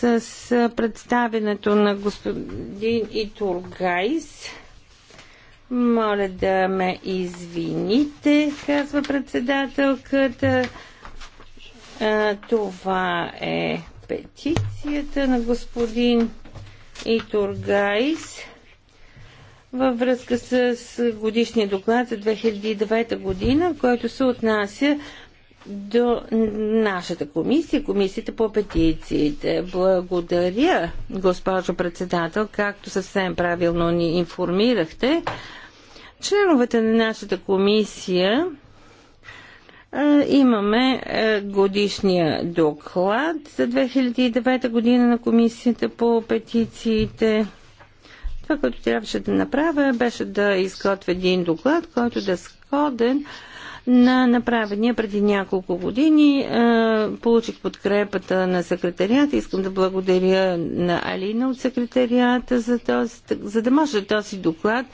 с представенето на господин Итургайс. Моля да ме извините, казва председателката. Това е петицията на господин Итургайс във връзка с годишния доклад за 2009 година, който се отнася до нашата комисия, комисията по петициите. Благодаря, госпожо председател, както съвсем правилно ни информирахте. Членовете на нашата комисия Имаме годишния доклад за 2009 година на Комисията по петициите. Това, което трябваше да направя, беше да изготвя един доклад, който да е сходен на направения преди няколко години. Е, получих подкрепата на секретарията. Искам да благодаря на Алина от секретарията за, този, за да може този доклад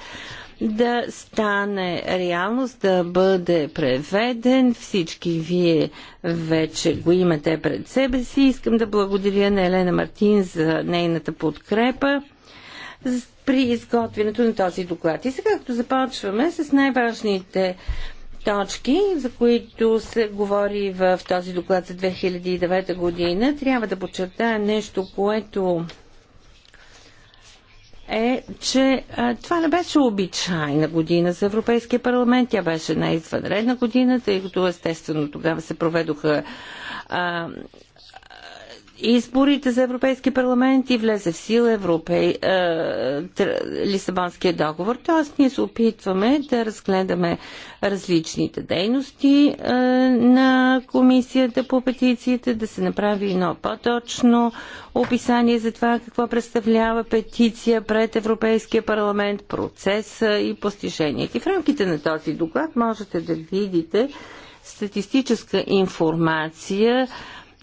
да стане реалност, да бъде преведен. Всички вие вече го имате пред себе си. Искам да благодаря на Елена Мартин за нейната подкрепа при изготвянето на този доклад. И сега, като започваме с най-важните точки, за които се говори в този доклад за 2009 година, трябва да подчертая нещо, което е, че а, това не беше обичайна година за Европейския парламент. Тя беше най-извънредна година, тъй като естествено тогава се проведоха а, изборите за Европейски парламент и влезе в сила Европей, е, Лисабонския договор. Тоест ние се опитваме да разгледаме различните дейности е, на комисията по петициите, да се направи едно по-точно описание за това какво представлява петиция пред Европейския парламент, процеса и постиженията. И в рамките на този доклад можете да видите статистическа информация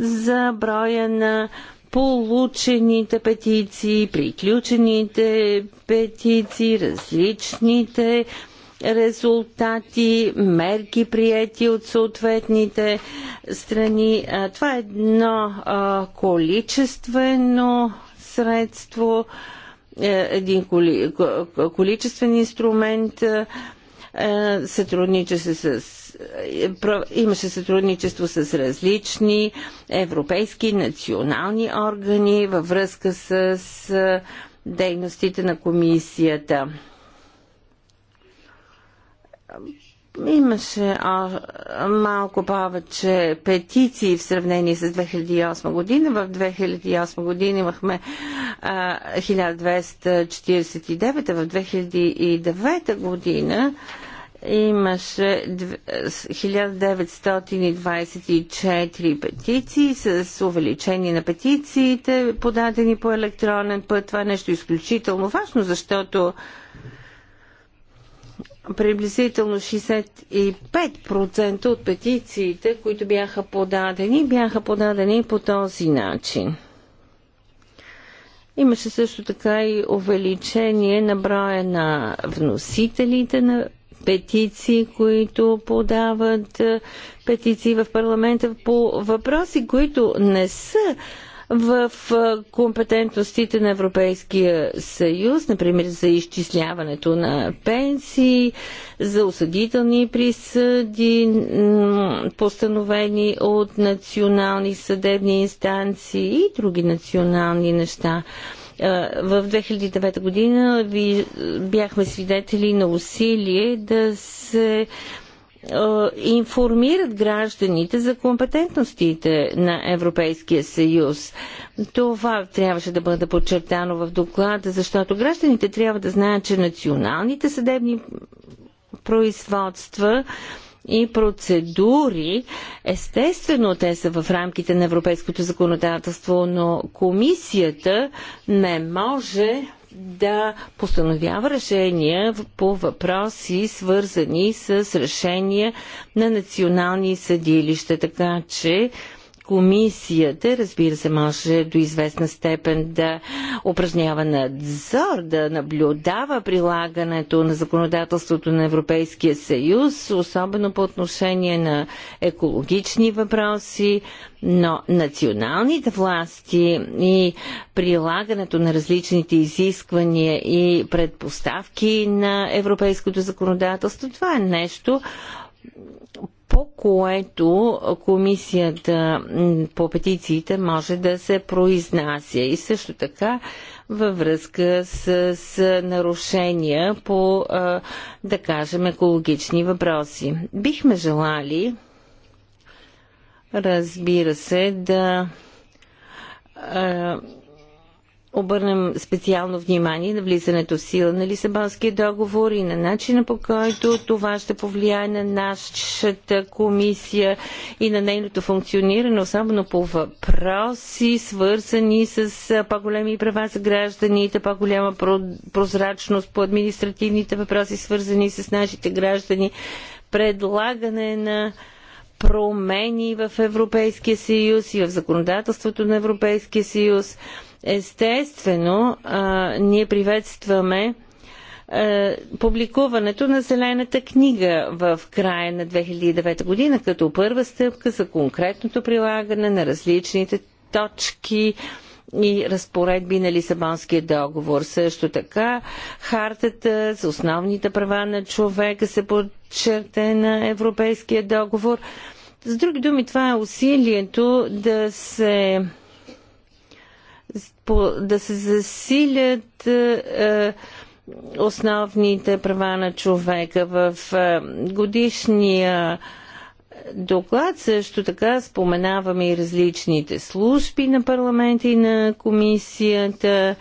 за броя на получените петиции, приключените петиции, различните резултати, мерки приети от съответните страни. Това е едно количествено средство, е, един количествен инструмент, е, е, имаше сътрудничество с различни европейски национални органи във връзка с дейностите на комисията. Имаше малко повече петиции в сравнение с 2008 година. В 2008 година имахме 1249, а в 2009 година имаше 1924 петиции с увеличение на петициите, подадени по електронен път. Това е нещо изключително важно, защото приблизително 65% от петициите, които бяха подадени, бяха подадени по този начин. Имаше също така и увеличение на броя на вносителите на петиции, които подават е, петиции в парламента по въпроси, които не са в е, компетентностите на Европейския съюз, например за изчисляването на пенсии, за осъдителни присъди, постановени от национални съдебни инстанции и други национални неща. Е, в 2009 година ви е, бяхме свидетели на усилие да се е, информират гражданите за компетентностите на Европейския съюз. Това трябваше да бъде подчертано в доклада, защото гражданите трябва да знаят, че националните съдебни производства и процедури. Естествено, те са в рамките на европейското законодателство, но комисията не може да постановява решения по въпроси, свързани с решения на национални съдилища. Така че комисията, разбира се, може до известна степен да упражнява надзор, да наблюдава прилагането на законодателството на Европейския съюз, особено по отношение на екологични въпроси, но националните власти и прилагането на различните изисквания и предпоставки на европейското законодателство, това е нещо, по което комисията по петициите може да се произнася. И също така във връзка с, с нарушения по, да кажем, екологични въпроси. Бихме желали, разбира се, да обърнем специално внимание на влизането в сила на Лисабонския договор и на начина по който това ще повлияе на нашата комисия и на нейното функциониране, особено по въпроси, свързани с по-големи права за гражданите, по-голяма прозрачност по административните въпроси, свързани с нашите граждани, предлагане на промени в Европейския съюз и в законодателството на Европейския съюз. Естествено, а, ние приветстваме а, публикуването на Зелената книга в края на 2009 година като първа стъпка за конкретното прилагане на различните точки и разпоредби на Лисабонския договор. Също така, хартата за основните права на човека се подчерта на Европейския договор. С други думи, това е усилието да се да се засилят е, основните права на човека. В е, годишния доклад също така споменаваме и различните служби на парламента и на комисията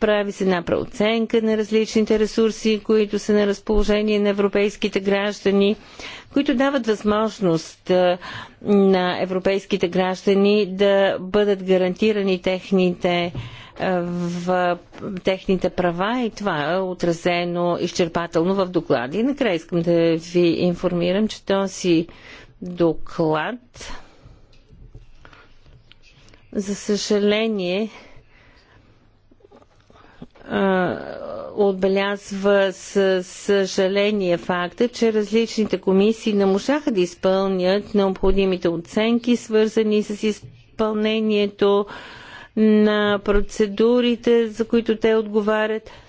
прави се една преоценка на различните ресурси, които са на разположение на европейските граждани, които дават възможност на европейските граждани да бъдат гарантирани техните в техните права и това е отразено изчерпателно в доклади. Накрая искам да ви информирам, че този доклад за съжаление отбелязва със съжаление факта, че различните комисии не можаха да изпълнят необходимите оценки, свързани с изпълнението на процедурите, за които те отговарят –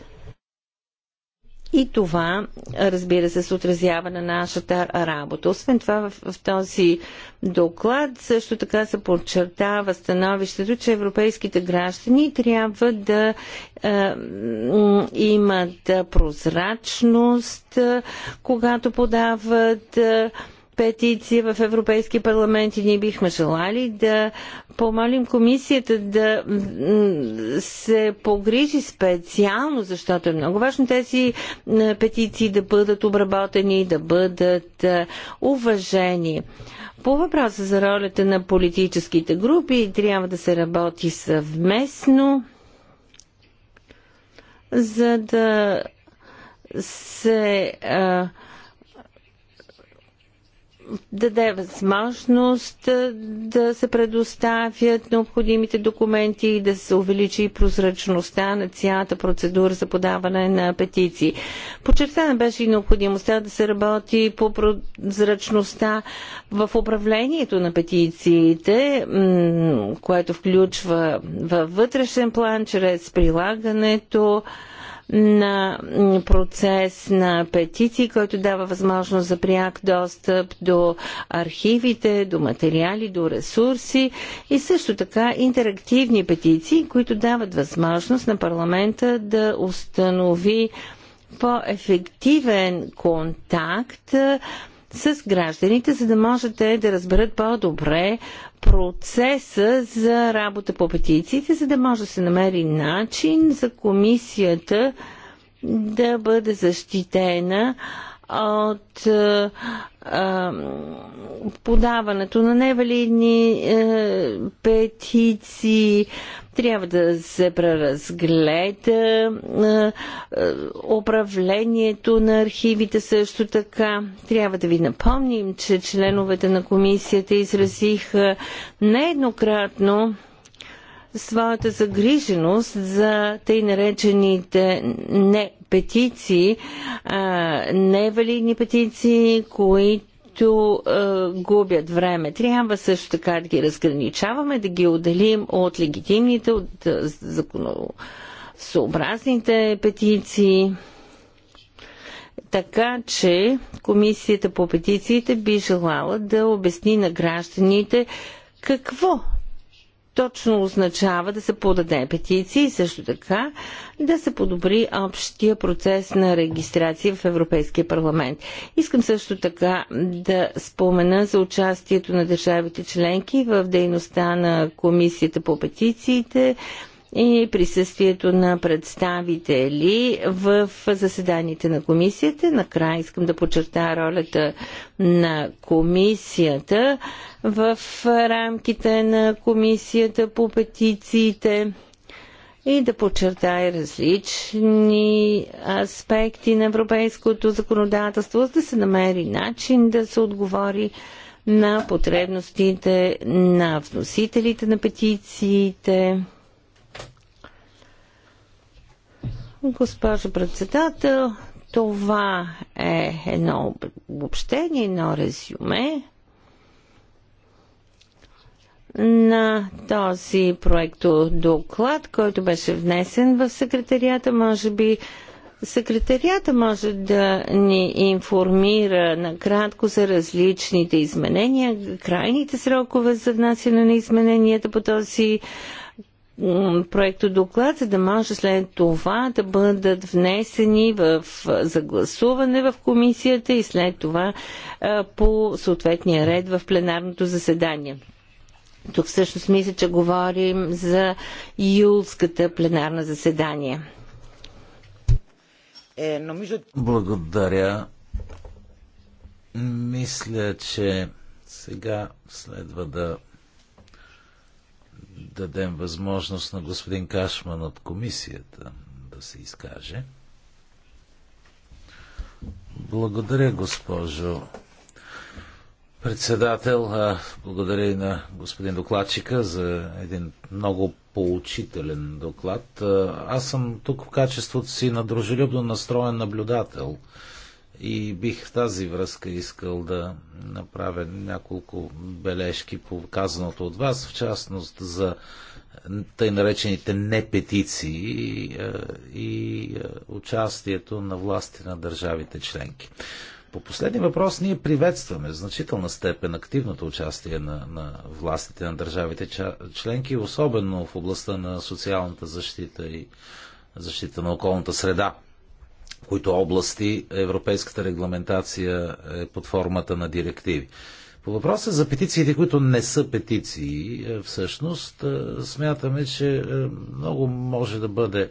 и това, разбира се, се отразява на нашата работа. Освен това, в, в този доклад също така се подчертава становището, че европейските граждани трябва да е, имат прозрачност, е, когато подават. Е, петиции в Европейския парламент и ние бихме желали да помолим комисията да се погрижи специално, защото е много важно тези петиции да бъдат обработени, да бъдат е, уважени. По въпроса за ролята на политическите групи трябва да се работи съвместно, за да се а, е, даде възможност да се предоставят необходимите документи и да се увеличи прозрачността на цялата процедура за подаване на петиции. Почертана беше и необходимостта да се работи по прозрачността в управлението на петициите, което включва във вътрешен план, чрез прилагането, на процес на петиции, който дава възможност за пряк достъп до архивите, до материали, до ресурси и също така интерактивни петиции, които дават възможност на парламента да установи по-ефективен контакт с гражданите, за да можете да разберат по-добре процеса за работа по петициите, за да може да се намери начин за комисията да бъде защитена от а, е, е, подаването на невалидни а, е, петиции. Трябва да се преразгледа управлението на архивите също така. Трябва да ви напомним, че членовете на комисията изразиха нееднократно своята загриженост за тъй наречените не петиции, невалидни петиции, които губят време. Трябва също така да ги разграничаваме, да ги отделим от легитимните, от законосъобразните петиции. Така че Комисията по петициите би желала да обясни на гражданите какво точно означава да се подаде петиция и също така да се подобри общия процес на регистрация в Европейския парламент. Искам също така да спомена за участието на държавите членки в дейността на Комисията по петициите, и присъствието на представители в заседанията на комисията. Накрая искам да подчертая ролята на комисията в рамките на комисията по петициите и да подчертай различни аспекти на европейското законодателство, за да се намери начин да се отговори на потребностите на вносителите на петициите Госпожо председател, това е едно обобщение, едно резюме на този проект доклад, който беше внесен в секретарията. Може би секретарията може да ни информира накратко за различните изменения, крайните срокове за внасяне на измененията по този проекто доклад, за да може след това да бъдат внесени в загласуване в комисията и след това по съответния ред в пленарното заседание. Тук всъщност мисля, че говорим за юлската пленарна заседание. Е, Благодаря. Мисля, че сега следва да дадем възможност на господин Кашман от комисията да се изкаже. Благодаря, госпожо председател. Благодаря и на господин докладчика за един много поучителен доклад. Аз съм тук в качеството си на дружелюбно настроен наблюдател – и бих в тази връзка искал да направя няколко бележки по казаното от вас, в частност за тъй наречените непетиции е, и е, участието на власти на държавите членки. По последния въпрос ние приветстваме значителна степен активното участие на, на властите на държавите членки, особено в областта на социалната защита и защита на околната среда които области европейската регламентация е под формата на директиви. По въпроса за петициите, които не са петиции, е, всъщност е, смятаме, че е, много може да бъде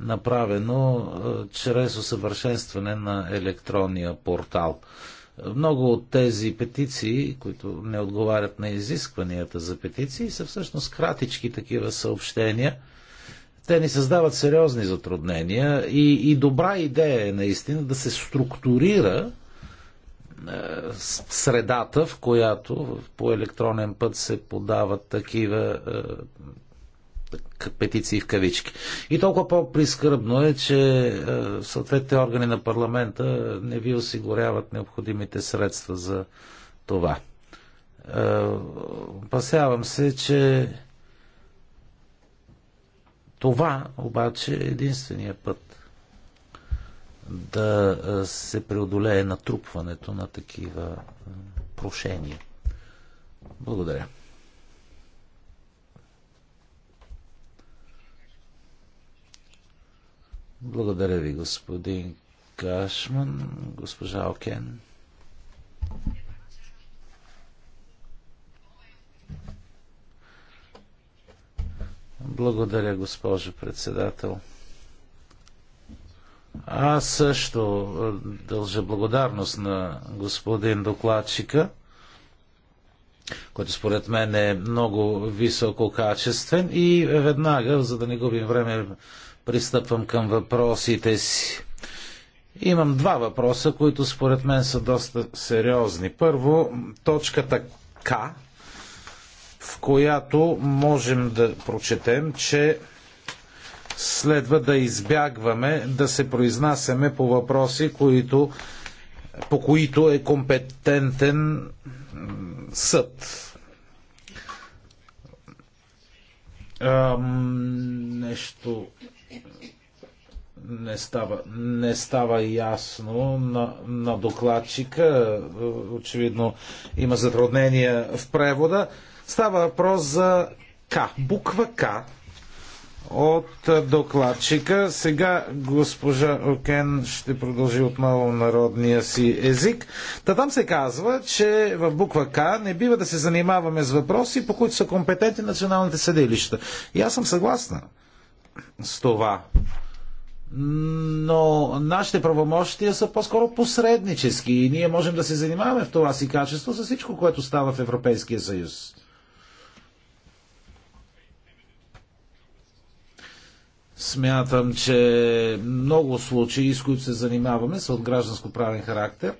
направено чрез усъвършенстване на електронния портал. Много от тези петиции, които не отговарят на изискванията за петиции, са всъщност кратички такива съобщения – те ни създават сериозни затруднения и, и добра идея е наистина да се структурира е, средата, в която по електронен път се подават такива е, петиции в кавички. И толкова по-прискърбно е, че е, съответните органи на парламента не ви осигуряват необходимите средства за това. Е, опасявам се, че това обаче е единствения път да се преодолее натрупването на такива прошения. Благодаря. Благодаря ви, господин Кашман, госпожа Окен. Благодаря, госпожо председател. Аз също е, дължа благодарност на господин докладчика, който според мен е много висококачествен и веднага, за да не губим време, пристъпвам към въпросите си. Имам два въпроса, които според мен са доста сериозни. Първо, точката К която можем да прочетем, че следва да избягваме да се произнасяме по въпроси, които, по които е компетентен съд. Ам, нещо не става, не става ясно на, на докладчика. Очевидно има затруднения в превода. Става въпрос за К. Буква К от докладчика. Сега госпожа Окен ще продължи отново народния си език. Та там се казва, че в буква К не бива да се занимаваме с въпроси, по които са компетентни националните съдилища. И аз съм съгласна с това. Но нашите правомощия са по-скоро посреднически и ние можем да се занимаваме в това си качество с всичко, което става в Европейския съюз. Смятам, че много случаи, с които се занимаваме, са от гражданско-правен характер.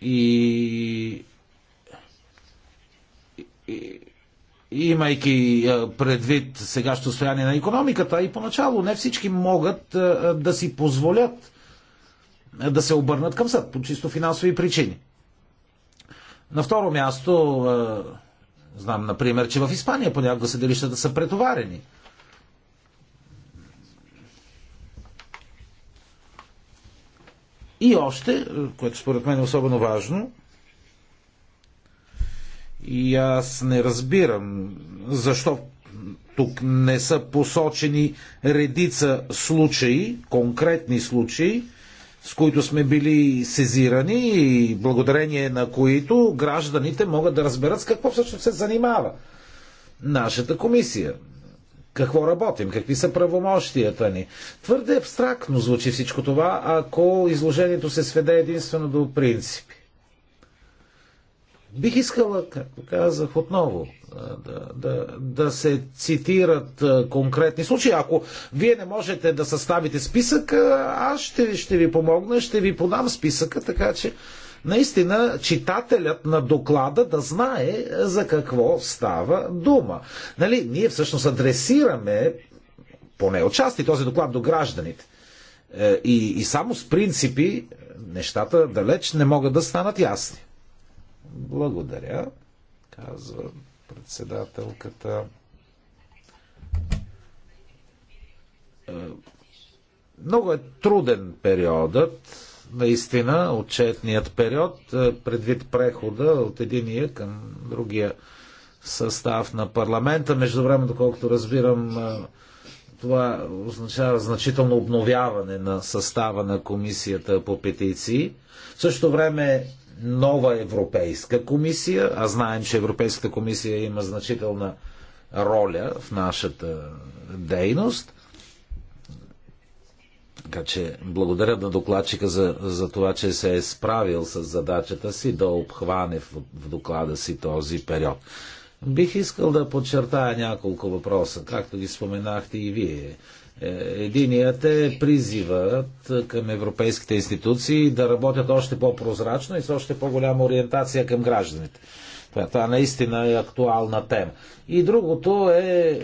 И, и имайки предвид сегашното състояние на економиката и поначало не всички могат да си позволят да се обърнат към съд по чисто финансови причини. На второ място Знам, например, че в Испания понякога съдилищата са претоварени. И още, което според мен е особено важно, и аз не разбирам защо тук не са посочени редица случаи, конкретни случаи, с които сме били сезирани и благодарение на които гражданите могат да разберат с какво всъщност се занимава нашата комисия. Какво работим? Какви са правомощията ни? Твърде абстрактно звучи всичко това, ако изложението се сведе единствено до принципи. Бих искала, както казах отново, да, да, да се цитират конкретни случаи. Ако вие не можете да съставите списък, аз ще, ще ви помогна, ще ви подам списъка, така че наистина читателят на доклада да знае за какво става дума. Нали, ние всъщност адресираме поне отчасти този доклад до гражданите. Е, и, и само с принципи нещата далеч не могат да станат ясни. Благодаря, казва председателката. Е, много е труден периодът, наистина, отчетният период, е, предвид прехода от единия към другия състав на парламента. Между време, доколкото разбирам, е, това означава значително обновяване на състава на комисията по петиции. В същото време нова Европейска комисия, а знаем, че Европейската комисия има значителна роля в нашата дейност. Така че благодаря на докладчика за, за това, че се е справил с задачата си да обхване в, в доклада си този период. Бих искал да подчертая няколко въпроса, както ги споменахте и вие. Единият е призивът към европейските институции да работят още по-прозрачно и с още по-голяма ориентация към гражданите. Това, това наистина е актуална тема. И другото е, е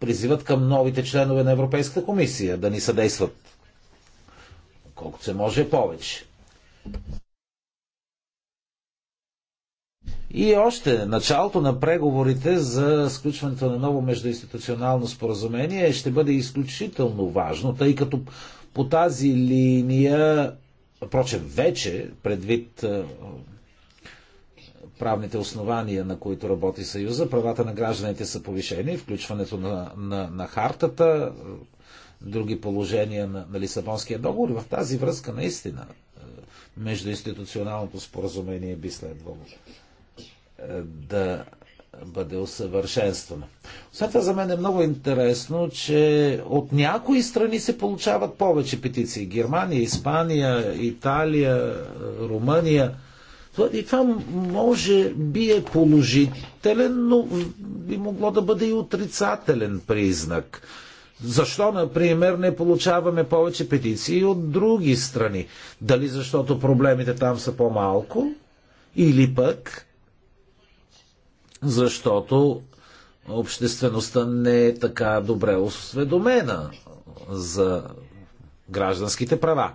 призивът към новите членове на Европейската комисия да ни съдействат колкото се може повече. И още началото на преговорите за сключването на ново междуинституционално споразумение ще бъде изключително важно, тъй като по тази линия, впрочем вече, предвид е, правните основания, на които работи Съюза, правата на гражданите са повишени, включването на, на, на хартата, други положения на, на Лисабонския договор. В тази връзка наистина е, междуинституционалното споразумение би следвало да бъде усъвършенствана. Освен това за мен е много интересно, че от някои страни се получават повече петиции. Германия, Испания, Италия, Румъния. И това може би е положителен, но би могло да бъде и отрицателен признак. Защо, например, не получаваме повече петиции от други страни? Дали защото проблемите там са по-малко? Или пък защото обществеността не е така добре осведомена за гражданските права.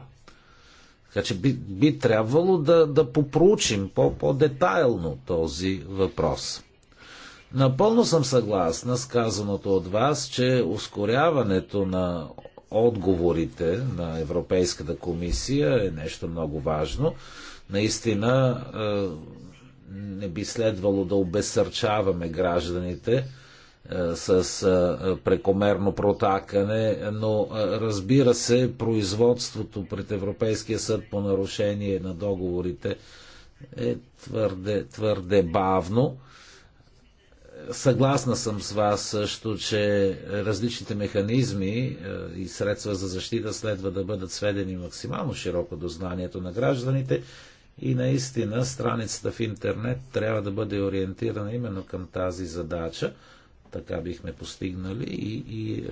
Така че би, би трябвало да, да попроучим по-детайлно -по този въпрос. Напълно съм съгласна с казаното от вас, че ускоряването на отговорите на Европейската комисия е нещо много важно. Наистина е, не би следвало да обесърчаваме гражданите е, с е, прекомерно протакане, но е, разбира се, производството пред Европейския съд по нарушение на договорите е твърде, твърде бавно. Съгласна съм с вас също, че различните механизми и средства за защита следва да бъдат сведени максимално широко до знанието на гражданите и наистина страницата в интернет трябва да бъде ориентирана именно към тази задача. Така бихме постигнали и, и е,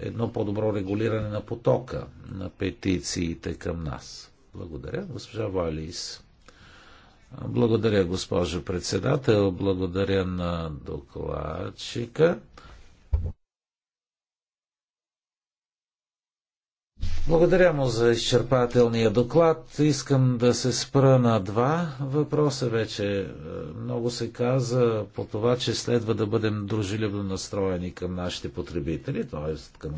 едно по-добро регулиране на потока на петициите към нас. Благодаря, госпожа Валис. Благодаря, госпожо председател. Благодаря на докладчика. Благодаря му за изчерпателния доклад. Искам да се спра на два въпроса вече. Е, много се каза по това, че следва да бъдем дружелюбно настроени към нашите потребители, т.е. към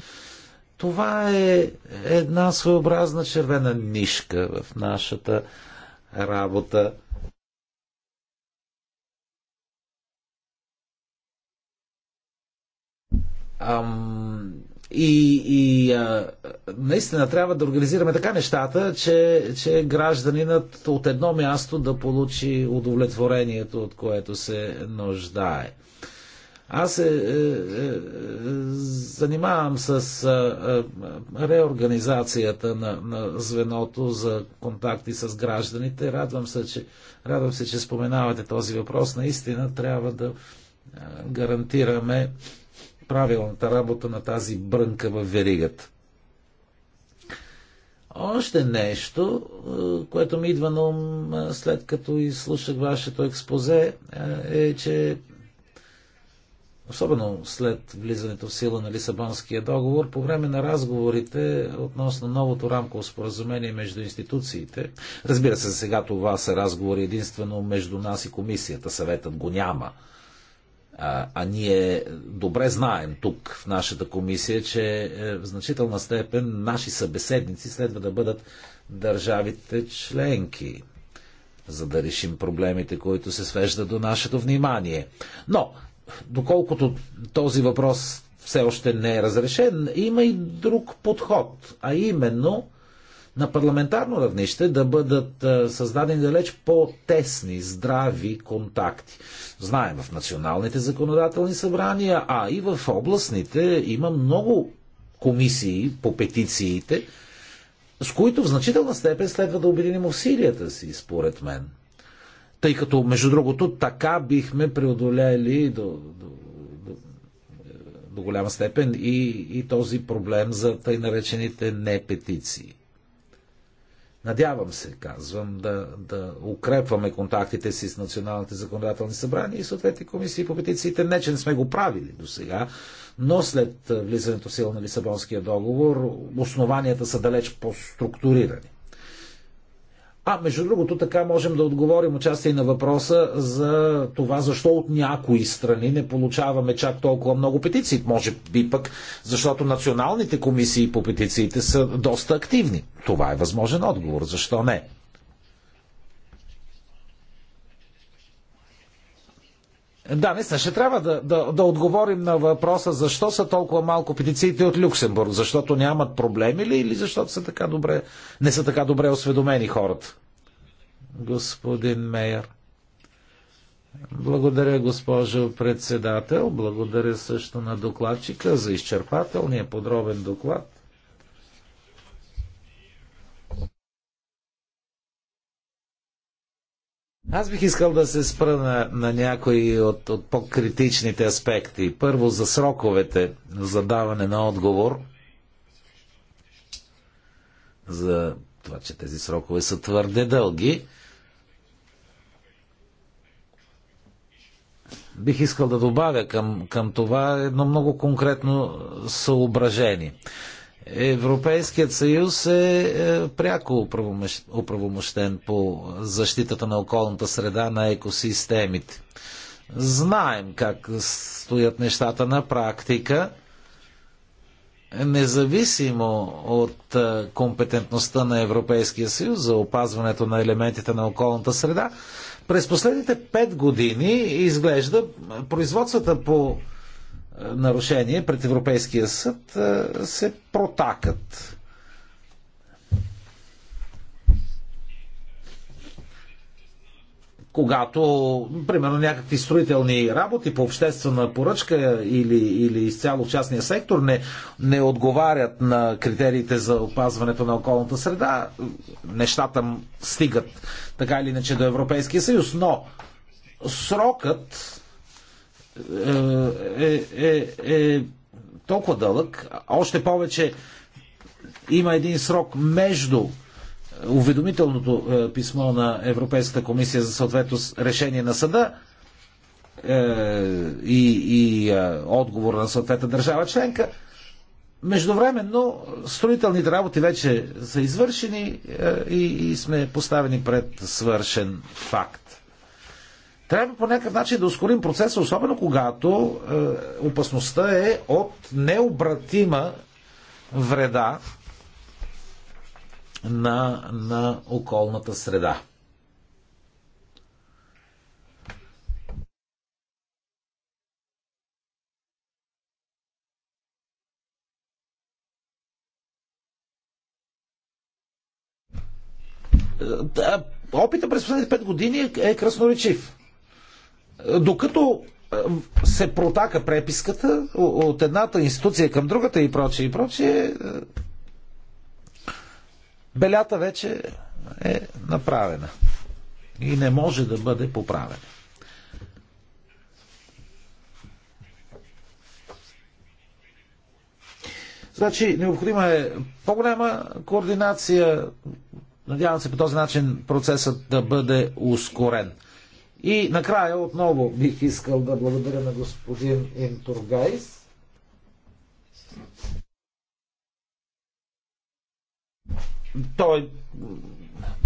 това е една своеобразна червена нишка в нашата работа. Ам, и, и а, наистина трябва да организираме така нещата, че, че гражданинът от едно място да получи удовлетворението, от което се нуждае. Аз се е, е, занимавам с е, е, реорганизацията на, на звеното за контакти с гражданите. Радвам се, че, радвам се, че споменавате този въпрос. Наистина трябва да гарантираме правилната работа на тази брънка в веригата. Още нещо, е, което ми идва на ум е, след като изслушах вашето експозе, е, е, че особено след влизането в сила на Лисабонския договор, по време на разговорите относно новото рамково споразумение между институциите, разбира се, сега това са разговори единствено между нас и комисията, съветът го няма – а, а ние добре знаем тук в нашата комисия, че е, в значителна степен наши събеседници следва да бъдат държавите членки, за да решим проблемите, които се свеждат до нашето внимание. Но, доколкото този въпрос все още не е разрешен, има и друг подход, а именно на парламентарно равнище да бъдат е, създадени далеч по-тесни, здрави контакти. Знаем, в националните законодателни събрания, а и в областните има много комисии по петициите, с които в значителна степен следва да обединим усилията си, според мен. Тъй като, между другото, така бихме преодолели до, до, до, до голяма степен и, и този проблем за тъй наречените не петиции. Надявам се, казвам, да, да укрепваме контактите си с националните законодателни събрания и съответните комисии по петициите. Не, че не сме го правили до сега, но след влизането в сила на Лисабонския договор основанията са далеч по-структурирани. А между другото, така можем да отговорим участие на въпроса за това защо от някои страни не получаваме чак толкова много петиции. Може би пък, защото националните комисии по петициите са доста активни. Това е възможен отговор. Защо не? Да, наистина, ще трябва да, да, да отговорим на въпроса защо са толкова малко петициите от Люксембург. Защото нямат проблеми ли или защото са така добре, не са така добре осведомени хората? Господин Мейер. Благодаря, госпожо председател. Благодаря също на докладчика за изчерпателния подробен доклад. Аз бих искал да се спра на, на някои от, от по-критичните аспекти. Първо за сроковете за даване на отговор. За това, че тези срокове са твърде дълги. Бих искал да добавя към, към това едно много конкретно съображение. Европейският съюз е, е пряко оправомощен по защитата на околната среда на екосистемите. Знаем как стоят нещата на практика. Независимо от е, компетентността на Европейския съюз за опазването на елементите на околната среда, през последните пет години изглежда производствата по нарушение пред Европейския съд е, се протакат. Когато, примерно, някакви строителни работи по обществена поръчка или, или изцяло частния сектор не, не отговарят на критериите за опазването на околната среда, нещата стигат така или иначе до Европейския съюз, но срокът е, е, е, е толкова дълъг, още повече има един срок между уведомителното е, писмо на Европейската комисия за съответно решение на съда е, и, и отговор на съответната държава членка. Междувременно строителните работи вече са извършени и, и сме поставени пред свършен факт. Трябва по някакъв начин да ускорим процеса, особено когато е, опасността е от необратима вреда на, на околната среда. Е, е, опита през последните 5 години е красноречив докато е, се протака преписката от едната институция към другата и прочее и прочее, е, белята вече е направена и не може да бъде поправена. Значи, необходима е по-голяма координация. Надявам се по този начин процесът да бъде ускорен. И накрая отново бих искал да благодаря на господин Интургайс. Той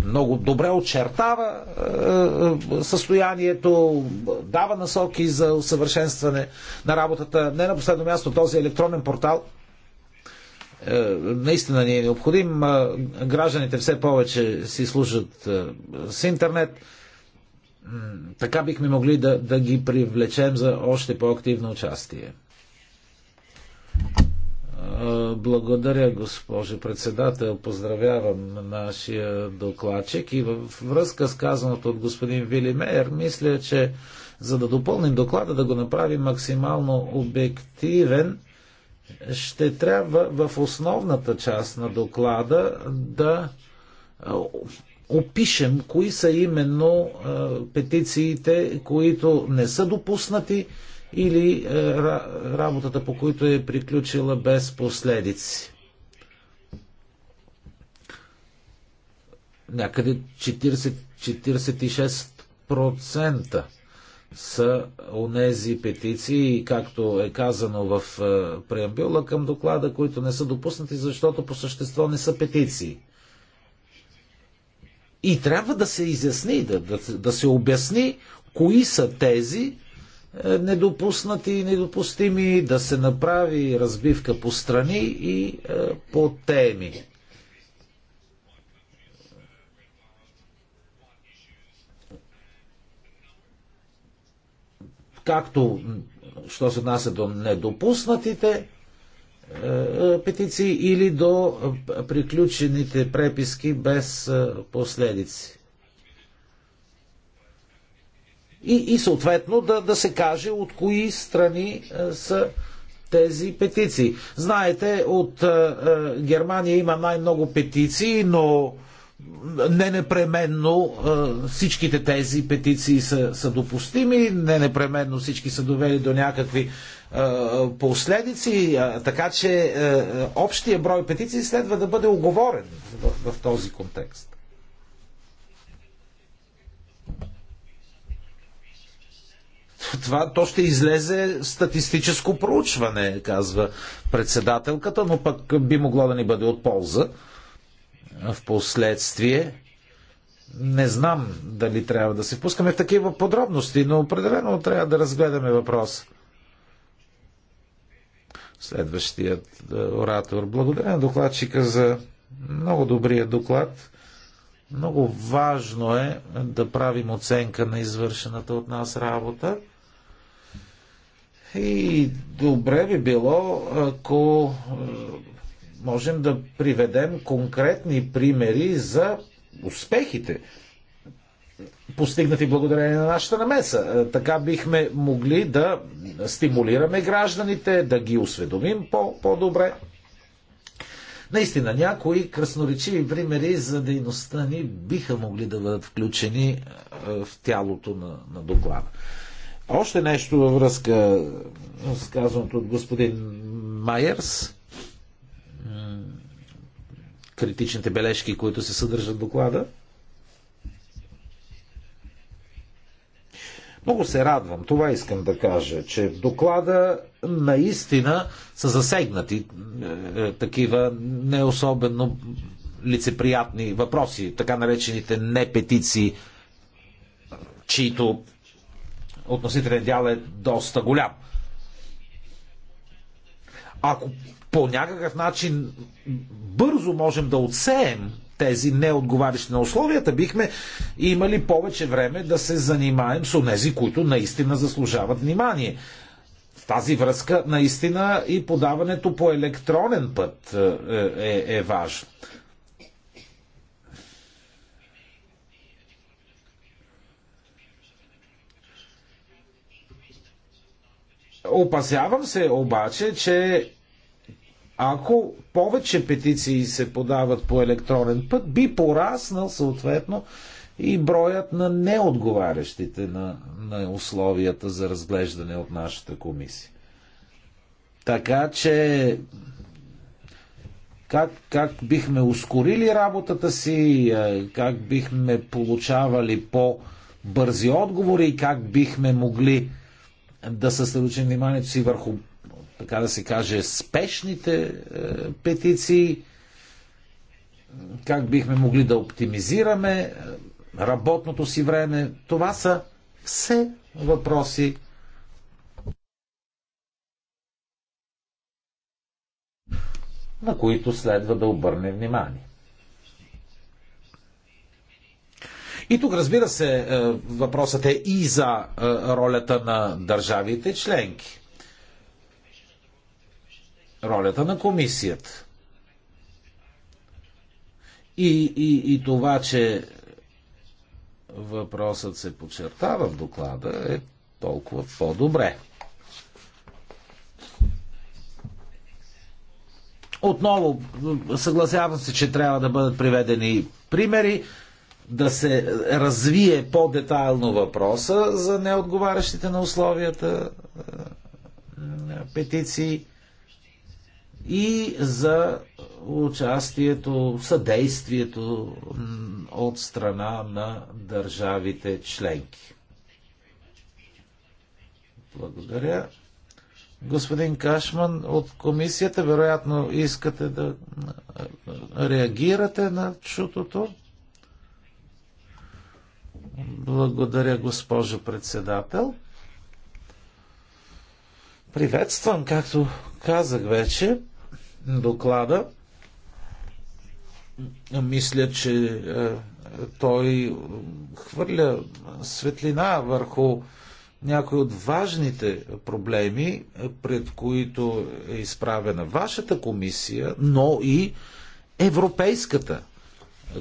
много добре очертава е, е, състоянието, дава насоки за усъвършенстване на работата. Не на последно място този електронен портал е, наистина ни е необходим. Гражданите все повече си служат с интернет така бихме могли да, да ги привлечем за още по-активно участие. Благодаря, госпожо председател. Поздравявам нашия докладчик и във връзка с казаното от господин Вили Мейер, мисля, че за да допълним доклада, да го направим максимално обективен, ще трябва в основната част на доклада да опишем кои са именно петициите, които не са допуснати или работата по които е приключила без последици. Някъде 40-46% са онези петиции, както е казано в преамбюла към доклада, които не са допуснати, защото по същество не са петиции. И трябва да се изясни, да, да, да се обясни кои са тези е, недопуснати и недопустими, да се направи разбивка по страни и е, по теми. Както, що се отнася до недопуснатите, е, е, петиции или до приключените преписки без е, последици. И, и съответно да, да се каже от кои страни са тези петиции. Знаете, от Германия има най-много петиции, но не непременно всичките тези петиции са, са допустими, не непременно всички са довели до някакви последици, така че общия брой петиции следва да бъде оговорен в, в този контекст. Това то ще излезе статистическо проучване, казва председателката, но пък би могло да ни бъде от полза в последствие. Не знам дали трябва да се впускаме в такива подробности, но определено трябва да разгледаме въпроса следващият оратор. Благодаря на докладчика за много добрия доклад. Много важно е да правим оценка на извършената от нас работа. И добре би било, ако можем да приведем конкретни примери за успехите постигнати благодарение на нашата намеса. Е, така бихме могли да стимулираме гражданите, да ги осведомим по- добре Наистина, някои красноречиви примери за дейността ни биха могли да бъдат включени е, в тялото на, на доклада. Още нещо във връзка с казаното от господин Майерс. Критичните бележки, които се съдържат в доклада. Много се радвам, това искам да кажа, че в доклада наистина са засегнати е, е такива не особено лицеприятни въпроси, така наречените не петиции, чието относителен дял е доста голям. Ако по някакъв начин бързо можем да отсеем тези неотговарящи на условията, бихме имали повече време да се занимаем с онези, които наистина заслужават внимание. В тази връзка наистина и подаването по електронен път е, е, е важно. Опасявам се обаче, че ако повече петиции се подават по електронен път, би пораснал съответно и броят на неотговарящите на, на условията за разглеждане от нашата комисия. Така че как, как бихме ускорили работата си, е, как бихме получавали по-бързи отговори и как бихме могли да съсредоточим вниманието си върху така да се каже, спешните е, петиции, как бихме могли да оптимизираме е, работното си време. Това са все въпроси, на които следва да обърне внимание. И тук, разбира се, е, въпросът е и за е, ролята на държавите членки ролята на комисията. И, и, и това, че въпросът се подчертава в доклада, е толкова по-добре. Отново, съгласявам се, че трябва да бъдат приведени примери, да се развие по-детайлно въпроса за неотговарящите на условията е, петиции и за участието, съдействието от страна на държавите членки. Благодаря. Господин Кашман, от комисията вероятно искате да реагирате на чутото. Благодаря, госпожо председател. Приветствам, както казах вече, доклада. Мисля, че е, той хвърля светлина върху някои от важните проблеми, пред които е изправена вашата комисия, но и Европейската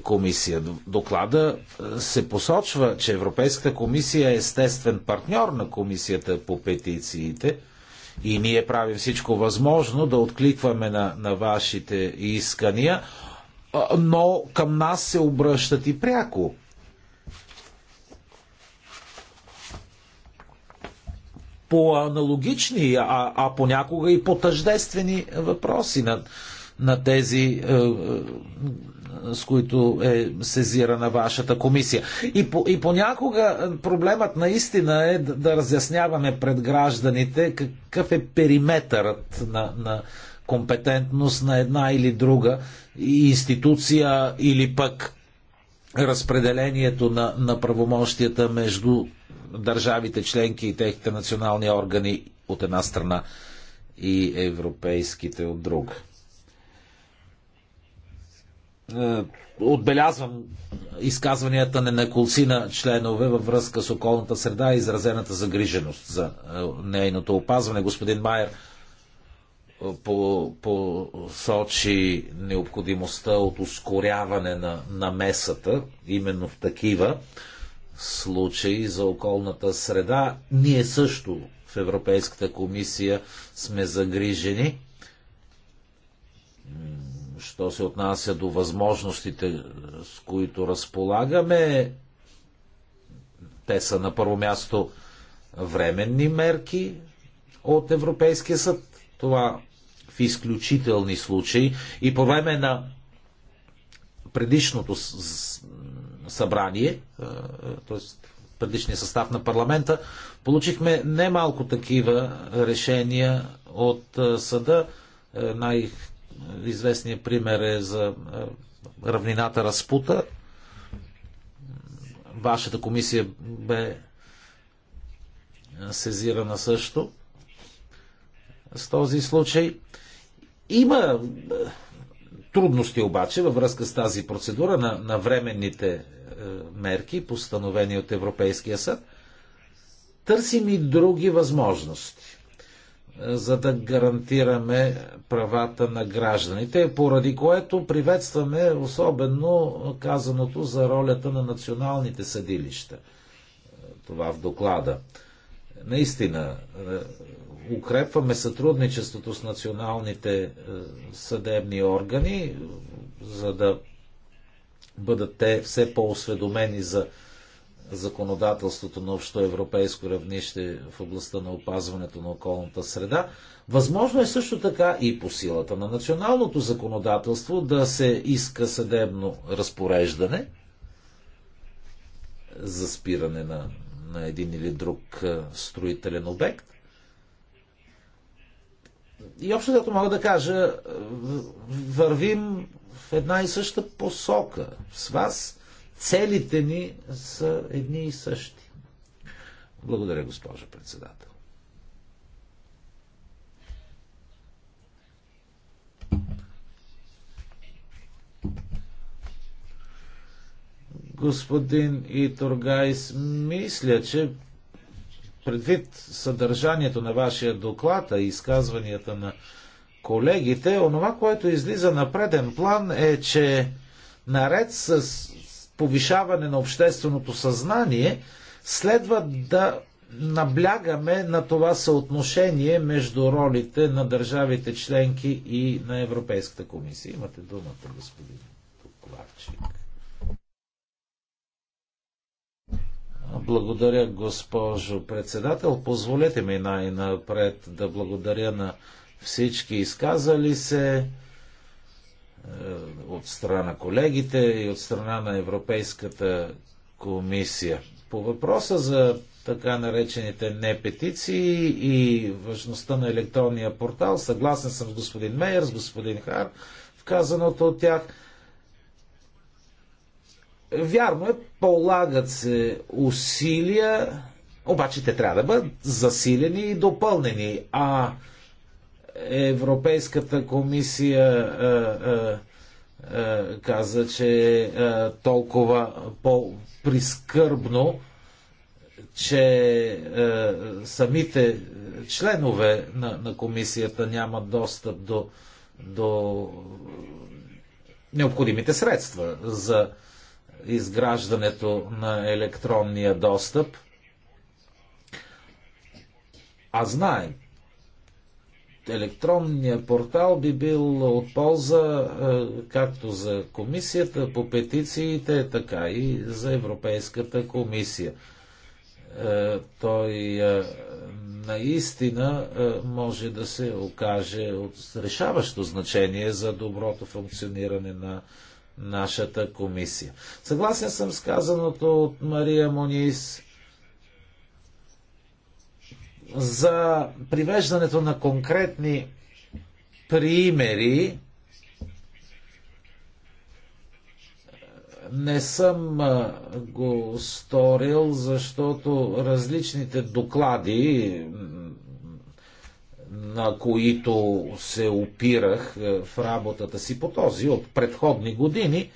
комисия. Доклада е, се посочва, че Европейската комисия е естествен партньор на комисията по петициите – и ние правим всичко възможно да откликваме на, на вашите искания, но към нас се обръщат и пряко. По аналогични, а, а понякога и по тъждествени въпроси на, на тези е, е, с които е сезирана вашата комисия. И, по, и понякога е, проблемът наистина е да, да разясняваме пред гражданите какъв е периметърът на, на компетентност на една или друга институция или пък разпределението на, на правомощията между държавите членки и техните национални органи от една страна и европейските от друга. Е, отбелязвам изказванията на колцина членове във връзка с околната среда и изразената загриженост за е, нейното опазване. Господин Майер е, посочи по необходимостта от ускоряване на намесата, именно в такива случаи за околната среда. Ние също в Европейската комисия сме загрижени що се отнася до възможностите, е, с които разполагаме, те са на първо място временни мерки от Европейския съд. Това в изключителни случаи. И по време на предишното събрание, е, е, т.е. предишния състав на парламента, получихме немалко такива решения от съда. Най- Известният пример е за е, равнината Разпута. Вашата комисия бе е, сезирана също с този случай. Има е, трудности обаче във връзка с тази процедура на, на временните мерки, постановени от Европейския съд. Търсим и други възможности за да гарантираме правата на гражданите, поради което приветстваме особено казаното за ролята на националните съдилища. Това в доклада. Наистина, е, укрепваме сътрудничеството с националните е, съдебни органи, за да бъдат те все по-осведомени за законодателството на общо европейско равнище в областта на опазването на околната среда. Възможно е също така и по силата на националното законодателство да се иска съдебно разпореждане за спиране на, на един или друг е, строителен обект. И общо като мога да кажа, вървим в една и съща посока с вас – целите ни са едни и същи. Благодаря, госпожо председател. Господин Итургайс, мисля, че предвид съдържанието на вашия доклад, а изказванията на колегите, онова, което излиза на преден план е, че наред с повишаване на общественото съзнание, следва да наблягаме на това съотношение между ролите на държавите членки и на Европейската комисия. Имате думата, господин Коварчик. Благодаря, госпожо председател. Позволете ми най-напред да благодаря на всички изказали се. Е, от страна на колегите и от страна на Европейската комисия. По въпроса за така наречените не петиции и важността на електронния портал, съгласен съм с господин Мейер, с господин Хар, в казаното от тях. Вярно е, полагат се усилия, обаче те трябва да бъдат засилени и допълнени, а Европейската комисия е, е, е, каза, че е толкова по-прискърбно, че самите членове на, на комисията нямат достъп до, до необходимите средства за изграждането на електронния достъп. А знаем, електронния портал би бил от полза е, както за комисията по петициите, така и за Европейската комисия. Е, той е, наистина може да се окаже от решаващо значение за доброто функциониране на нашата комисия. Съгласен съм с казаното от Мария Монис за привеждането на конкретни примери. Не съм го сторил, защото различните доклади, на които се опирах в работата си по този от предходни години,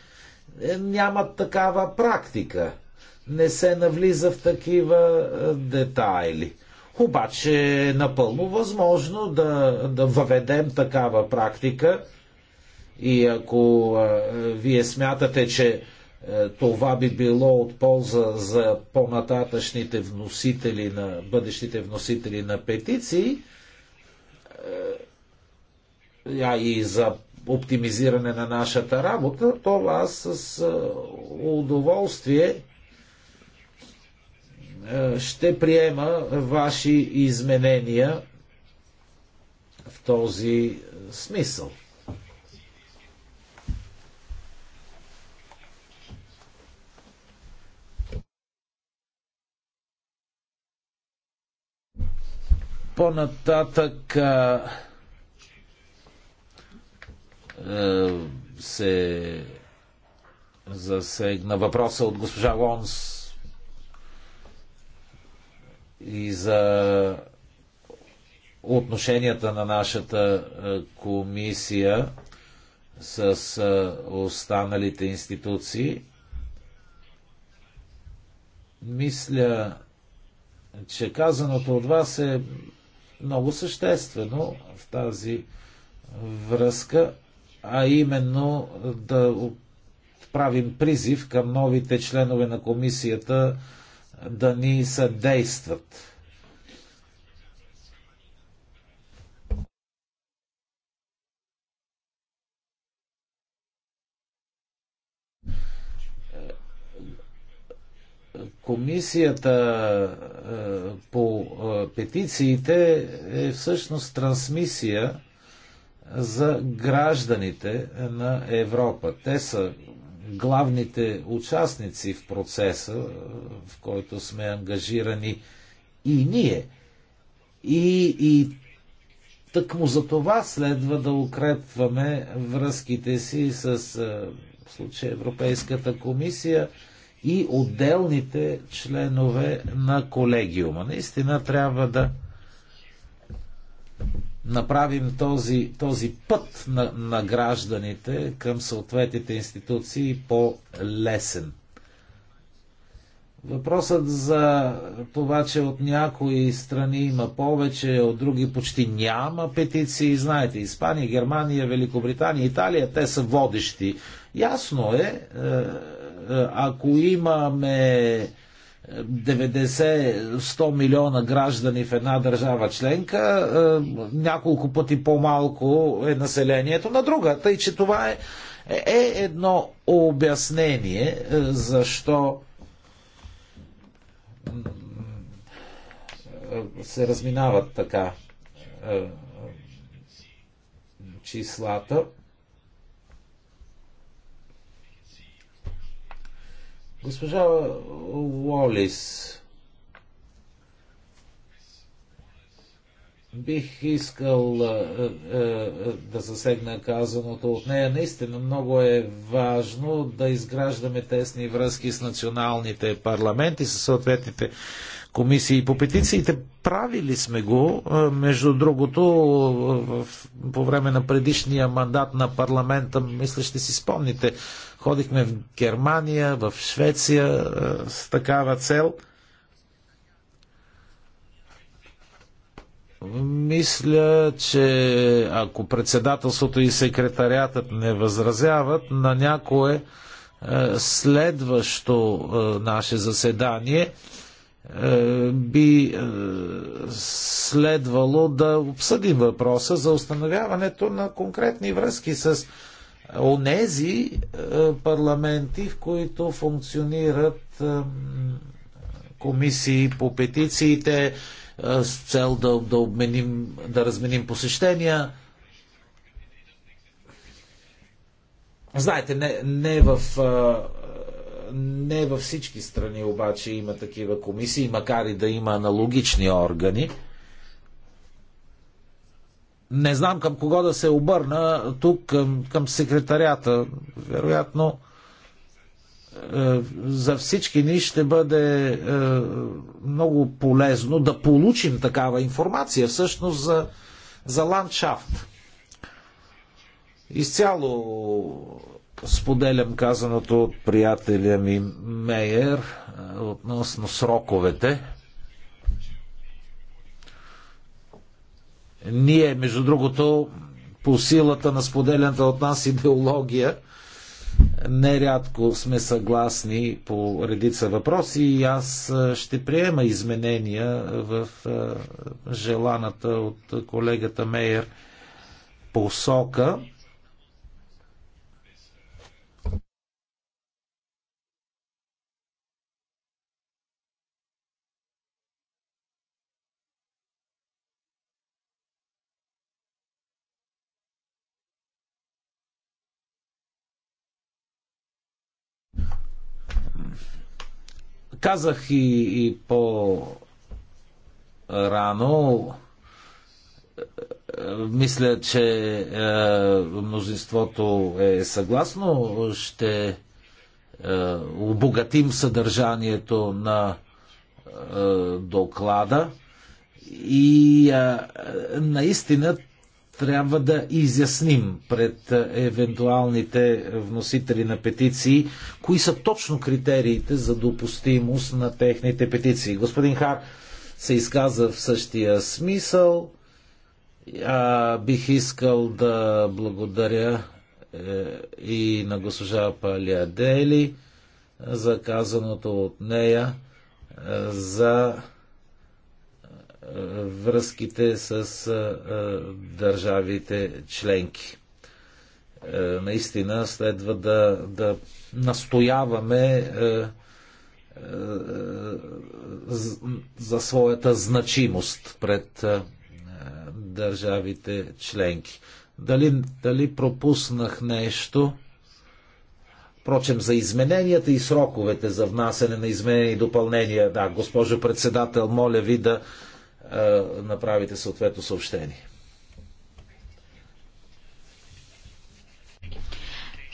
е, нямат такава практика. Не се навлиза в такива детайли. Обаче е напълно възможно да, да въведем такава практика и ако а, вие смятате, че а, това би било от полза за по-нататъчните вносители на бъдещите вносители на петиции, а и за оптимизиране на нашата работа, то аз с удоволствие е, ще приема ваши изменения в този е, смисъл. По-нататък а, е, се засегна въпроса от госпожа Лонс и за отношенията на нашата е, комисия с е, останалите институции. Мисля, че казаното от вас е много съществено в тази връзка, а именно да правим призив към новите членове на комисията да ни съдействат. Комисията е, по е, петициите е всъщност трансмисия за гражданите на Европа. Те са главните участници в процеса, в който сме ангажирани и ние. И, и тъкмо за това следва да укрепваме връзките си с е, в случай Европейската комисия и отделните членове на колегиума. Наистина трябва да направим този, този път на, на гражданите към съответните институции по-лесен. Въпросът за това, че от някои страни има повече, от други почти няма петиции, знаете, Испания, Германия, Великобритания, Италия, те са водещи. Ясно е, е, е ако имаме 90-100 милиона граждани в една държава членка, е, няколко пъти по-малко е населението на другата. Тъй, че това е, е, е едно обяснение е, защо се разминават така числата. Госпожа Уолис, бих искал е, е, да засегна казаното от нея. Наистина много е важно да изграждаме тесни връзки с националните парламенти, с съответните комисии по петициите. Правили сме го, между другото, по време на предишния мандат на парламента, мисля, ще си спомните, ходихме в Германия, в Швеция с такава цел. Мисля, че ако председателството и секретариатът не възразяват, на някое следващо наше заседание е, би е, следвало да обсъдим въпроса за установяването на конкретни връзки с онези е, парламенти, в които функционират комисии по петициите с цел да, да обменим, да разменим посещения. Знаете, не, не в не във всички страни обаче има такива комисии, макар и да има аналогични органи. Не знам към кого да се обърна тук, към, към секретарята. Вероятно, е, за всички ни ще бъде е, много полезно да получим такава информация всъщност за, за ландшафт. Изцяло Споделям казаното от приятеля ми Мейер е, относно сроковете. Ние, между другото, по силата на споделената от нас идеология, нерядко сме съгласни по редица въпроси и аз е, ще приема изменения в е, желаната от колегата Мейер посока. Казах и, и по-рано, е, мисля, че е, мнозинството е съгласно. Ще е, обогатим съдържанието на е, доклада и е, наистина трябва да изясним пред е, евентуалните вносители на петиции, кои са точно критериите за допустимост на техните петиции. Господин Хар се изказа в същия смисъл. А, бих искал да благодаря е, и на госпожа Дели за казаното от нея е, за връзките с държавите членки. Е, наистина следва да, да настояваме е, е, за своята значимост пред държавите членки. Дали, дали пропуснах нещо? Впрочем, за измененията и сроковете за внасене на изменения и допълнения, да, госпожо председател, моля ви да, направите съответно съобщение.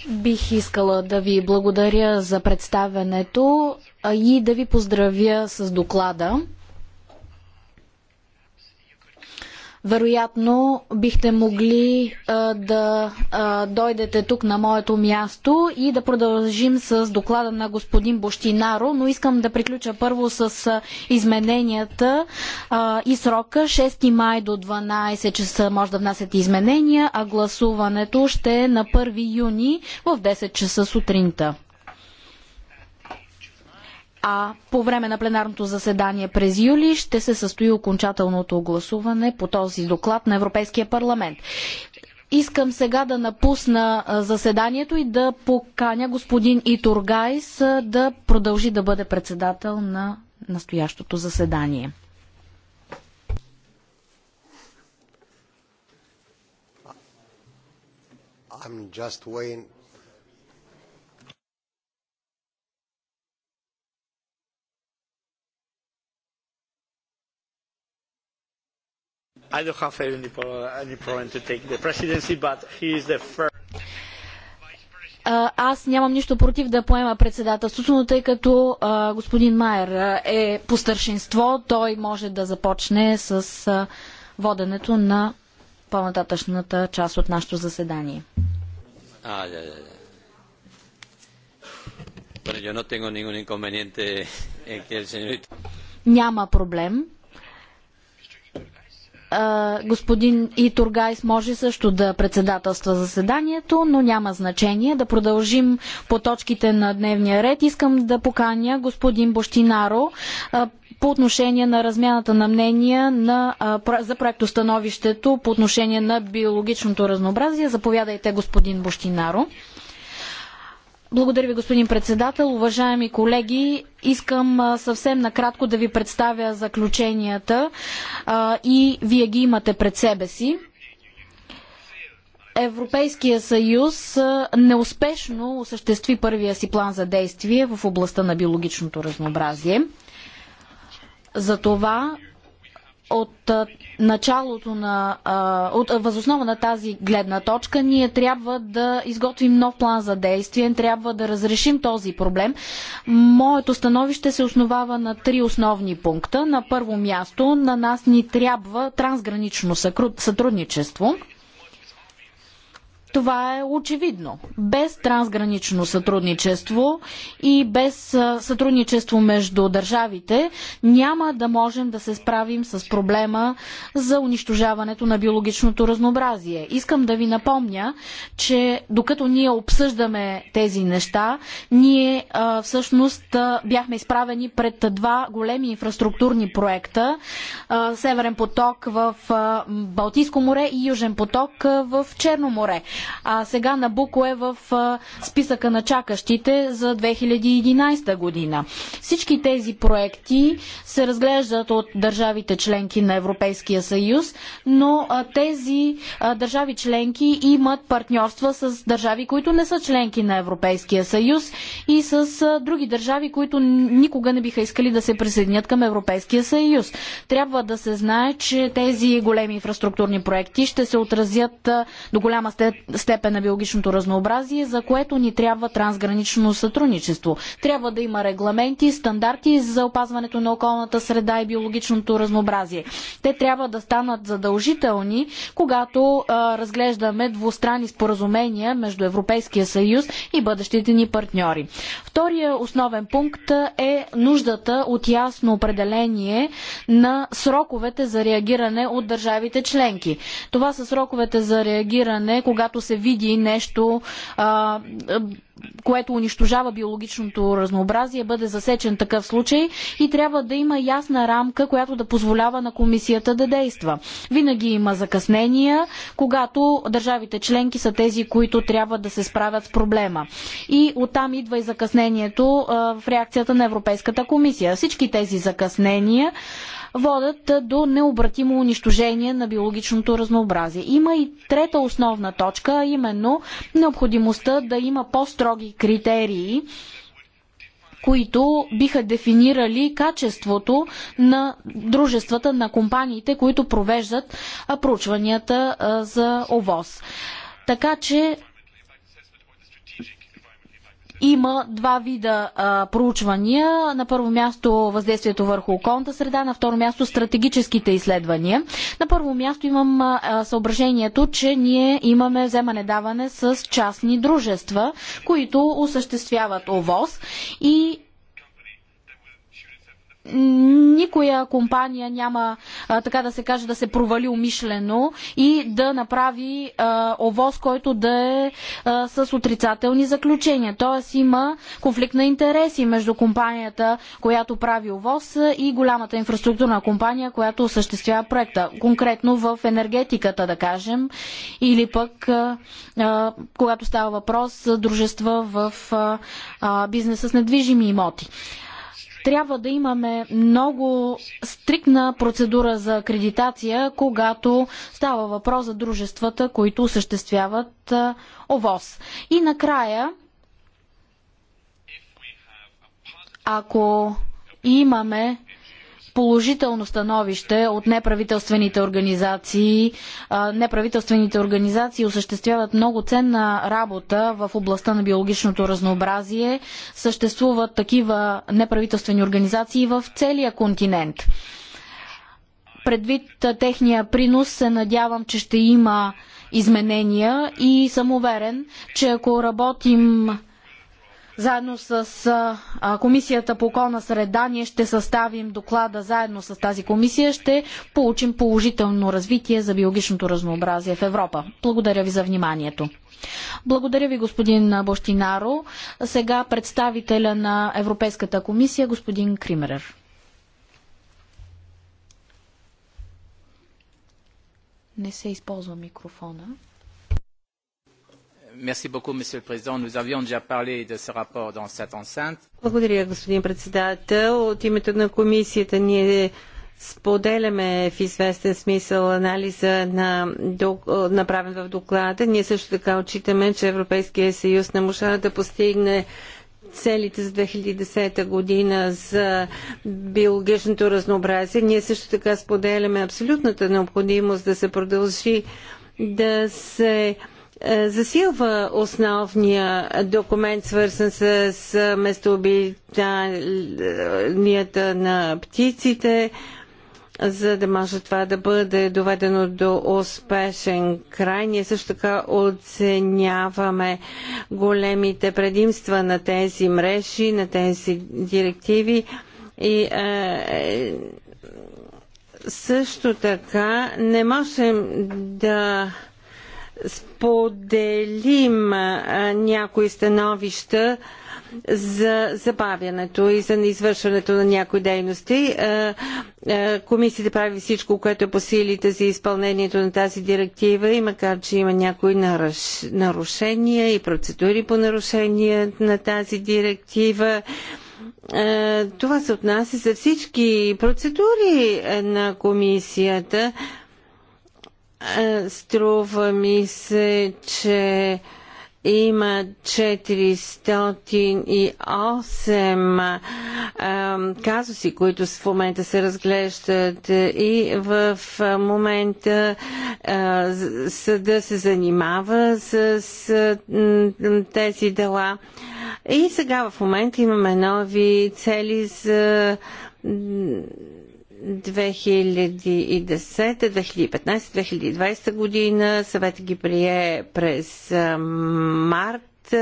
Бих искала да ви благодаря за представенето и да ви поздравя с доклада. вероятно бихте могли а, да а, дойдете тук на моето място и да продължим с доклада на господин Бощинаро, но искам да приключа първо с измененията а, и срока 6 май до 12 часа може да внасяте изменения, а гласуването ще е на 1 юни в 10 часа сутринта а по време на пленарното заседание през юли ще се състои окончателното гласуване по този доклад на Европейския парламент. Искам сега да напусна заседанието и да поканя господин Итургайс да продължи да бъде председател на настоящото заседание. I'm just waiting I don't have any, any problem to take the presidency, but he is the first аз нямам нищо против да поема председателството, но тъй като а, господин Майер е по старшинство, той може да започне с а, воденето на по-нататъчната част от нашето заседание. А, да, да, да. Bueno, yo no tengo ningún inconveniente en que el señorito... Няма проблем господин Итургайс може също да председателства заседанието, но няма значение. Да продължим по точките на дневния ред. Искам да поканя господин Бощинаро по отношение на размяната на мнения на, за проектостановището по отношение на биологичното разнообразие. Заповядайте, господин Бощинаро. Благодаря ви, господин председател. Уважаеми колеги, искам съвсем накратко да ви представя заключенията и вие ги имате пред себе си. Европейския съюз неуспешно осъществи първия си план за действие в областта на биологичното разнообразие. Затова от началото на, от, възоснова на тази гледна точка, ние трябва да изготвим нов план за действие, трябва да разрешим този проблем. Моето становище се основава на три основни пункта. На първо място, на нас ни трябва трансгранично сътрудничество. Това е очевидно. Без трансгранично сътрудничество и без сътрудничество между държавите няма да можем да се справим с проблема за унищожаването на биологичното разнообразие. Искам да ви напомня, че докато ние обсъждаме тези неща, ние а, всъщност а, бяхме изправени пред два големи инфраструктурни проекта. А, Северен поток в Балтийско море и Южен поток в Черно море. А сега Набуко е в списъка на чакащите за 2011 година. Всички тези проекти се разглеждат от държавите членки на Европейския съюз, но тези държави членки имат партньорства с държави, които не са членки на Европейския съюз и с други държави, които никога не биха искали да се присъединят към Европейския съюз. Трябва да се знае, че тези големи инфраструктурни проекти ще се отразят до голяма степен степен на биологичното разнообразие, за което ни трябва трансгранично сътрудничество. Трябва да има регламенти, стандарти за опазването на околната среда и биологичното разнообразие. Те трябва да станат задължителни, когато а, разглеждаме двустранни споразумения между Европейския съюз и бъдещите ни партньори. Втория основен пункт е нуждата от ясно определение на сроковете за реагиране от държавите членки. Това са сроковете за реагиране, когато когато се види нещо, а, което унищожава биологичното разнообразие, бъде засечен такъв случай и трябва да има ясна рамка, която да позволява на комисията да действа. Винаги има закъснения, когато държавите членки са тези, които трябва да се справят с проблема. И оттам идва и закъснението а, в реакцията на Европейската комисия. Всички тези закъснения водят до необратимо унищожение на биологичното разнообразие. Има и трета основна точка, а именно необходимостта да има по-строги критерии които биха дефинирали качеството на дружествата, на компаниите, които провеждат проучванията за ОВОз. Така че има два вида а, проучвания. На първо място въздействието върху околната среда, на второ място стратегическите изследвания. На първо място имам а, съображението, че ние имаме вземане-даване с частни дружества, които осъществяват ОВОС и никоя компания няма, така да се каже, да се провали умишлено и да направи овоз, който да е с отрицателни заключения. Тоест има конфликт на интереси между компанията, която прави овоз и голямата инфраструктурна компания, която осъществява проекта. Конкретно в енергетиката, да кажем, или пък когато става въпрос за дружества в бизнеса с недвижими имоти трябва да имаме много стрикна процедура за акредитация, когато става въпрос за дружествата, които осъществяват ОВОС. И накрая, ако имаме положително становище от неправителствените организации. Неправителствените организации осъществяват много ценна работа в областта на биологичното разнообразие. Съществуват такива неправителствени организации в целия континент. Предвид техния принос се надявам, че ще има изменения и съм уверен, че ако работим заедно с Комисията по околна среда ние ще съставим доклада заедно с тази комисия. Ще получим положително развитие за биологичното разнообразие в Европа. Благодаря ви за вниманието. Благодаря ви, господин Бощинаро. Сега представителя на Европейската комисия, господин Кримерер. Не се използва микрофона. Благодаря, господин председател. От името на комисията ние споделяме в известен смисъл анализа на направен в доклада. Ние също така отчитаме, че Европейския съюз не може да постигне целите за 2010 година за биологичното разнообразие. Ние също така споделяме абсолютната необходимост да се продължи да се е, засилва основния документ, свързан с местообитанията на птиците, за да може това да бъде доведено до успешен край. Ние също така оценяваме големите предимства на тези мрежи, на тези директиви и е, е също така не можем да споделим някои становища за забавянето и за извършването на някои дейности. Комисията прави всичко, което е по силите за изпълнението на тази директива и макар, че има някои нарушения и процедури по нарушения на тази директива, това се отнася за всички процедури на комисията. Е, струва ми се, че има 408 е, казуси, които в момента се разглеждат е, и в момента съда се занимава с тези дела. И сега в момента имаме нови цели за 2010-2015-2020 година. Съвет ги прие през март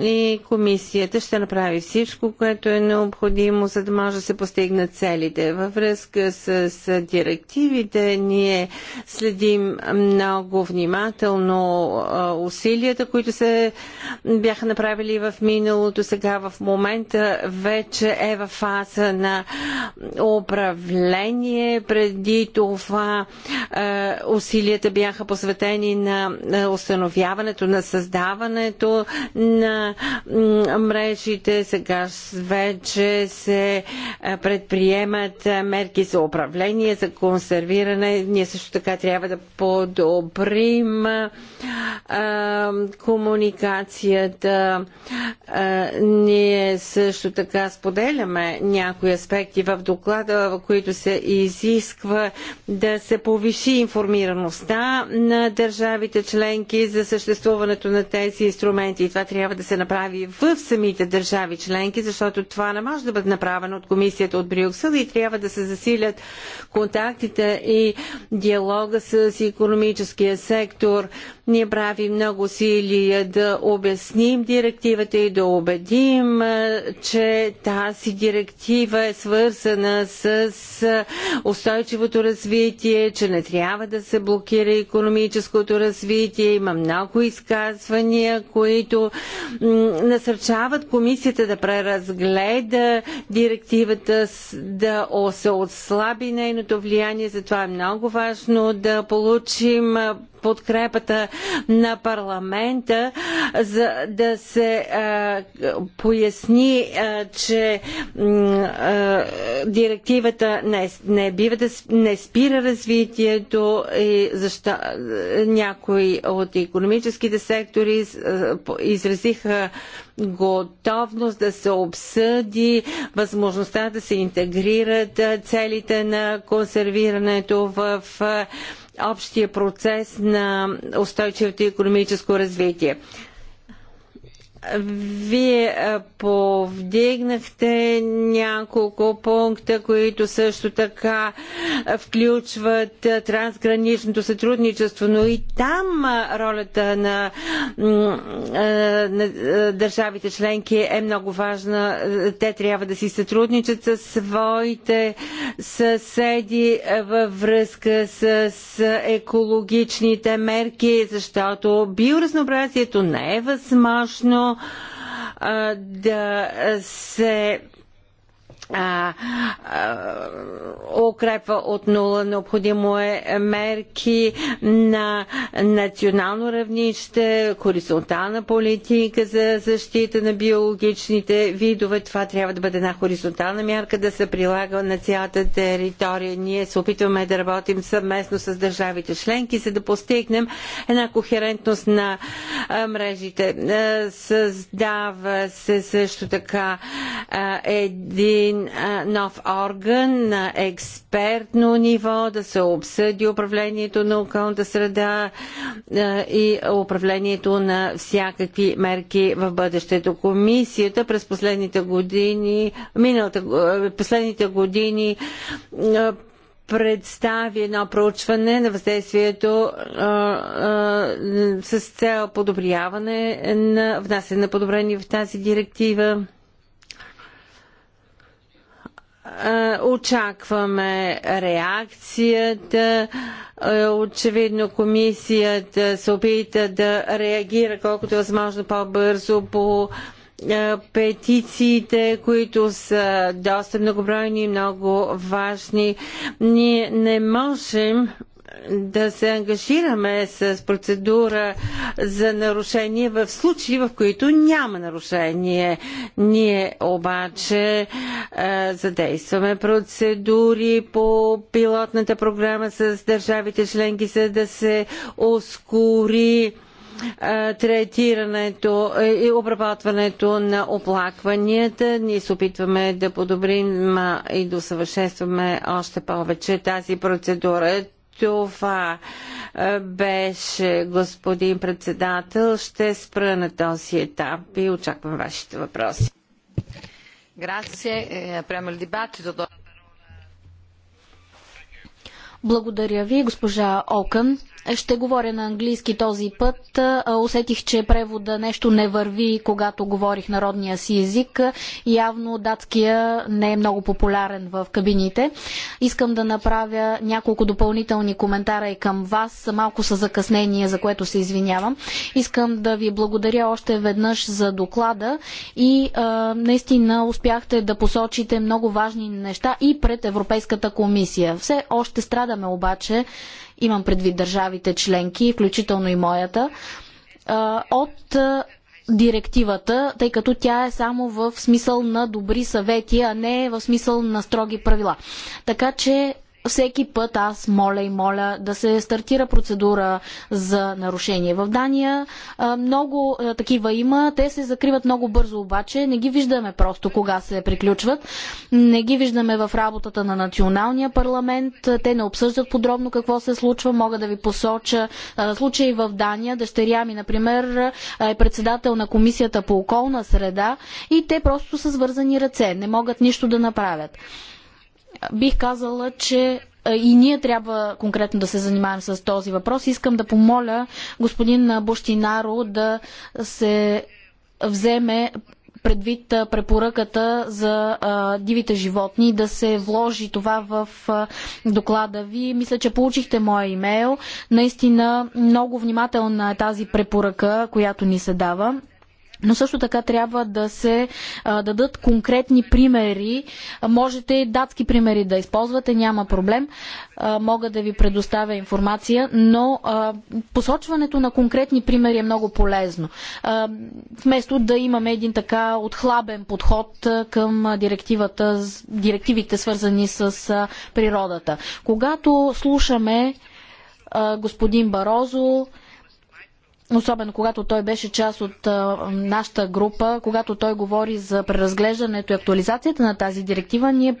и комисията ще направи всичко, което е необходимо, за да може да се постигнат целите. Във връзка с, с директивите ние следим много внимателно а, усилията, които се бяха направили в миналото, сега в момента вече е във фаза на управление. Преди това а, усилията бяха посветени на установяването, на създаването на мрежите. Сега вече се предприемат мерки за управление, за консервиране. Ние също така трябва да подобрим комуникацията. Ние също така споделяме някои аспекти в доклада, в които се изисква да се повиши информираността на държавите членки за съществуването на тези инструменти. И това трябва да се се направи в самите държави членки, защото това не може да бъде направено от комисията от Брюксел и трябва да се засилят контактите и диалога с економическия сектор ние правим много усилия да обясним директивата и да убедим, че тази директива е свързана с устойчивото развитие, че не трябва да се блокира економическото развитие. Има много изказвания, които насърчават комисията да преразгледа директивата, да се отслаби нейното влияние. Затова е много важно да получим подкрепата на парламента, за да се а, поясни, а, че а, директивата не, не, бива да, не спира развитието и защо някои от економическите сектори изразиха готовност да се обсъди възможността да се интегрират целите на консервирането в общия процес на устойчивото економическо развитие. Вие повдигнахте няколко пункта, които също така включват трансграничното сътрудничество, но и там ролята на, на държавите членки е много важна. Те трябва да си сътрудничат с своите съседи във връзка с екологичните мерки, защото биоразнообразието не е възможно а, да се а, а, подкрепа от нула. Необходимо е мерки на национално равнище, хоризонтална политика за защита на биологичните видове. Това трябва да бъде една хоризонтална мярка да се прилага на цялата територия. Ние се опитваме да работим съвместно с държавите членки, за да постигнем една кохерентност на мрежите. Създава се също така един нов орган на експерт експертно ниво, да се обсъди управлението на околната среда и управлението на всякакви мерки в бъдещето. Комисията през последните години, миналата, последните години представи едно проучване на въздействието а, а, с цел подобряване на внасяне на подобрение в тази директива очакваме реакцията. Е, очевидно комисията се опита да реагира колкото е възможно по-бързо по е, петициите, които са доста многобройни и много важни. Ние не можем да се ангажираме с процедура за нарушение в случаи, в които няма нарушение. Ние обаче е, задействаме процедури по пилотната програма с държавите членки, за да се ускори е, третирането е, и обработването на оплакванията. Ние се опитваме да подобрим и досъвършенстваме още повече тази процедура това беше, господин председател. Ще спра на този етап и очаквам вашите въпроси. Е, Благодаря ви, госпожа Окън. Ще говоря на английски този път. Усетих, че превода нещо не върви, когато говорих народния си език. Явно датския не е много популярен в кабините. Искам да направя няколко допълнителни коментара и към вас. Малко са закъснение, за което се извинявам. Искам да ви благодаря още веднъж за доклада и а, наистина успяхте да посочите много важни неща и пред Европейската комисия. Все още страдаме обаче имам предвид държавите членки, включително и моята, от директивата, тъй като тя е само в смисъл на добри съвети, а не в смисъл на строги правила. Така че всеки път аз моля и моля да се стартира процедура за нарушение. В Дания много такива има. Те се закриват много бързо обаче. Не ги виждаме просто кога се приключват. Не ги виждаме в работата на националния парламент. Те не обсъждат подробно какво се случва. Мога да ви посоча случаи в Дания. Дъщеря ми, например, е председател на комисията по околна среда и те просто са свързани ръце. Не могат нищо да направят бих казала, че и ние трябва конкретно да се занимаем с този въпрос. Искам да помоля господин Бощинаро да се вземе предвид препоръката за а, дивите животни, да се вложи това в а, доклада ви. Мисля, че получихте моя имейл. Наистина много внимателна е тази препоръка, която ни се дава. Но също така трябва да се дадат конкретни примери. Можете и датски примери да използвате, няма проблем. Мога да ви предоставя информация, но посочването на конкретни примери е много полезно. Вместо да имаме един така отхлабен подход към директивата, директивите свързани с природата. Когато слушаме господин Барозо, особено когато той беше част от нашата група, когато той говори за преразглеждането и актуализацията на тази директива, ние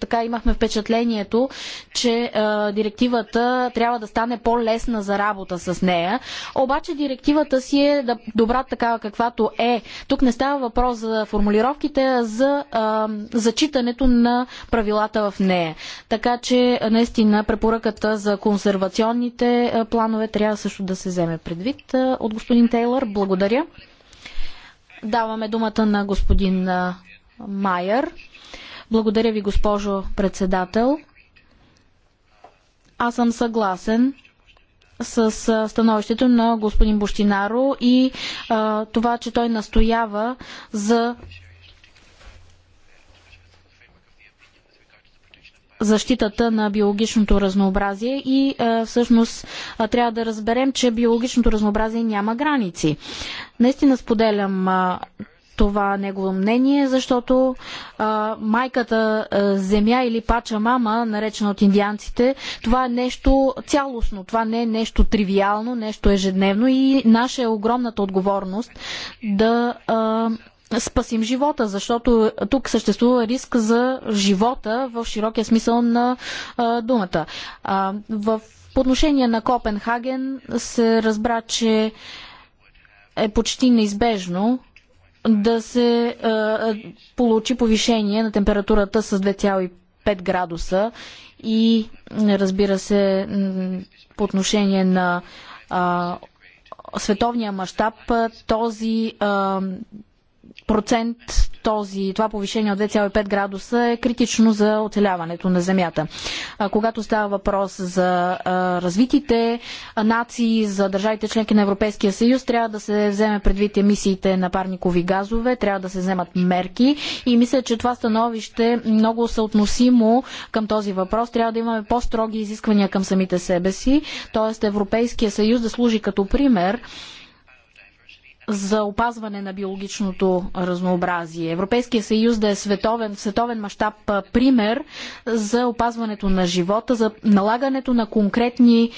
така имахме впечатлението, че директивата трябва да стане по-лесна за работа с нея. Обаче директивата си е добра такава каквато е. Тук не става въпрос за формулировките, а за зачитането на правилата в нея. Така че наистина препоръката за консервационните планове трябва също да се вземе предвид от господин Тейлър. Благодаря. Даваме думата на господин Майер. Благодаря ви, госпожо председател. Аз съм съгласен с становището на господин Бощинаро и а, това, че той настоява за защитата на биологичното разнообразие и е, всъщност е, трябва да разберем, че биологичното разнообразие няма граници. Наистина споделям е, това негово мнение, защото а, майката а, земя или пача мама, наречена от индианците, това е нещо цялостно, това не е нещо тривиално, нещо ежедневно и наша е огромната отговорност да а, спасим живота, защото тук съществува риск за живота в широкия смисъл на а, думата. А, в, по отношение на Копенхаген се разбра, че е почти неизбежно да се а, получи повишение на температурата с 2,5 градуса и разбира се по отношение на а, световния мащаб този а, процент този, това повишение от 2,5 градуса е критично за оцеляването на Земята. А, когато става въпрос за а, развитите нации, за държавите членки на Европейския съюз, трябва да се вземе предвид емисиите на парникови газове, трябва да се вземат мерки и мисля, че това становище много съотносимо към този въпрос. Трябва да имаме по-строги изисквания към самите себе си, т.е. Европейския съюз да служи като пример за опазване на биологичното разнообразие. Европейския съюз да е световен, световен мащаб пример за опазването на живота, за налагането на конкретни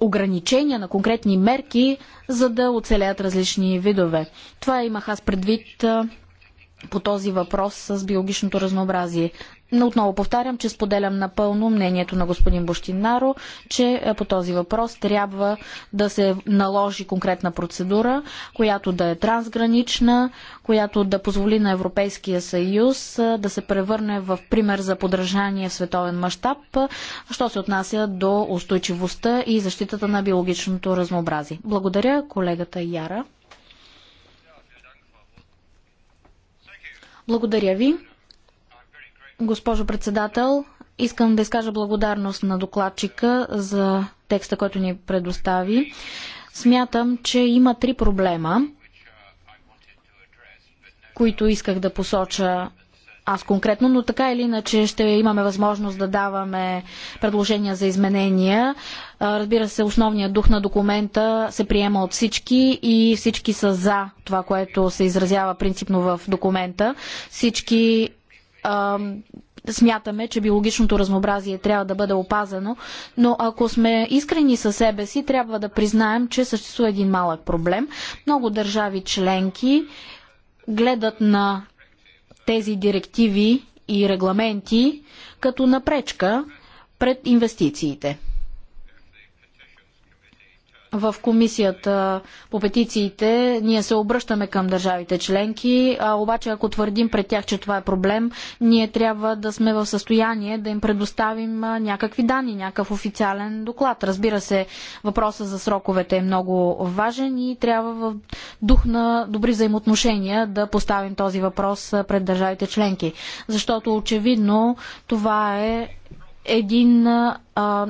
ограничения, на конкретни мерки, за да оцелят различни видове. Това имах аз предвид по този въпрос с биологичното разнообразие. Но отново повтарям, че споделям напълно мнението на господин Бощинаро, че е, по този въпрос трябва да се наложи конкретна процедура, която да е трансгранична, която да позволи на Европейския съюз е, да се превърне в пример за подражание в световен мащаб, е, що се отнася до устойчивостта и защитата на биологичното разнообразие. Благодаря, колегата Яра. Благодаря ви. Госпожо председател, искам да изкажа благодарност на докладчика за текста, който ни предостави. Смятам, че има три проблема, които исках да посоча аз конкретно, но така или иначе ще имаме възможност да даваме предложения за изменения. Разбира се, основният дух на документа се приема от всички и всички са за това, което се изразява принципно в документа. Всички смятаме, че биологичното разнообразие трябва да бъде опазено, но ако сме искрени със себе си, трябва да признаем, че съществува един малък проблем. Много държави членки гледат на тези директиви и регламенти като напречка пред инвестициите в комисията по петициите ние се обръщаме към държавите членки, а обаче ако твърдим пред тях, че това е проблем, ние трябва да сме в състояние да им предоставим някакви данни, някакъв официален доклад. Разбира се, въпросът за сроковете е много важен и трябва в дух на добри взаимоотношения да поставим този въпрос пред държавите членки. Защото очевидно това е един а,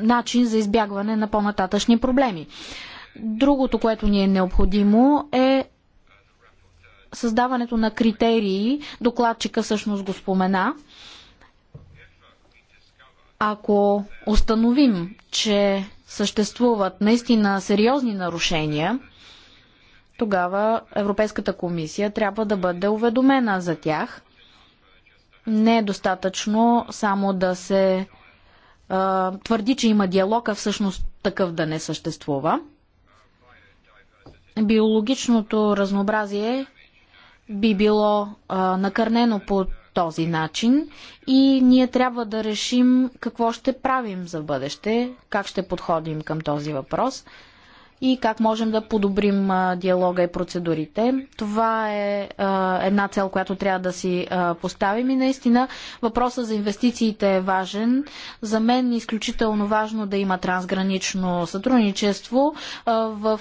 начин за избягване на по-нататъчни проблеми. Другото, което ни е необходимо е създаването на критерии. Докладчика всъщност го спомена. Ако установим, че съществуват наистина сериозни нарушения, тогава Европейската комисия трябва да бъде уведомена за тях. Не е достатъчно само да се а, твърди, че има диалог, а всъщност такъв да не съществува биологичното разнообразие би било а, накърнено по този начин и ние трябва да решим какво ще правим за бъдеще, как ще подходим към този въпрос и как можем да подобрим диалога и процедурите. Това е една цел, която трябва да си поставим и наистина въпросът за инвестициите е важен. За мен е изключително важно да има трансгранично сътрудничество. В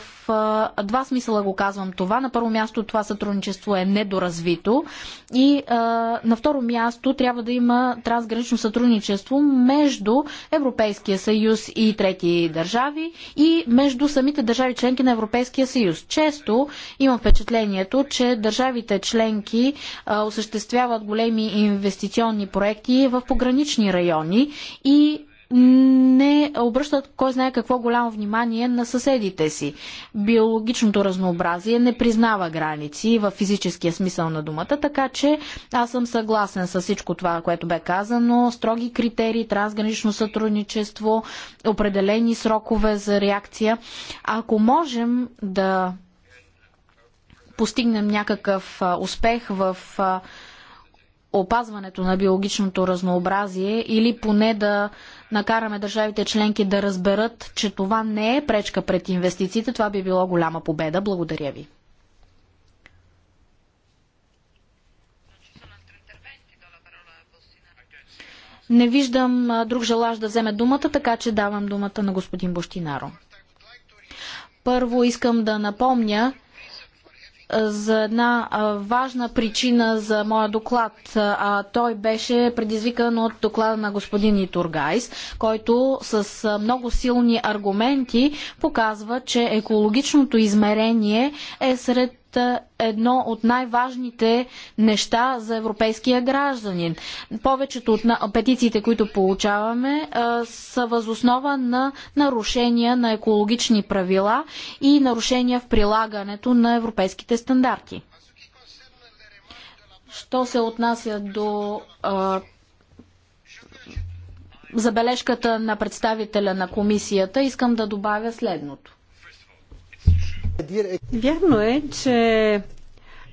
два смисъла го казвам това. На първо място това сътрудничество е недоразвито и на второ място трябва да има трансгранично сътрудничество между Европейския съюз и трети държави и между самите държави членки на Европейския съюз. Често има впечатлението, че държавите членки а, осъществяват големи инвестиционни проекти в погранични райони и не обръщат кой знае какво голямо внимание на съседите си. Биологичното разнообразие не признава граници в физическия смисъл на думата, така че аз съм съгласен с всичко това, което бе казано. Строги критерии, трансгранично сътрудничество, определени срокове за реакция. Ако можем да постигнем някакъв успех в опазването на биологичното разнообразие или поне да накараме държавите членки да разберат, че това не е пречка пред инвестициите, това би било голяма победа. Благодаря ви. Не виждам друг желаж да вземе думата, така че давам думата на господин Бощинаро. Първо искам да напомня, за една важна причина за моя доклад. Той беше предизвикан от доклада на господин Итургайс, който с много силни аргументи показва, че екологичното измерение е сред е, едно от най-важните неща за европейския гражданин. Повечето от петициите, които получаваме, е, са възоснова на нарушения на екологични правила и нарушения в прилагането на европейските стандарти. Що се отнася до а, е, забележката на представителя на комисията, искам да добавя следното. Вярно е, че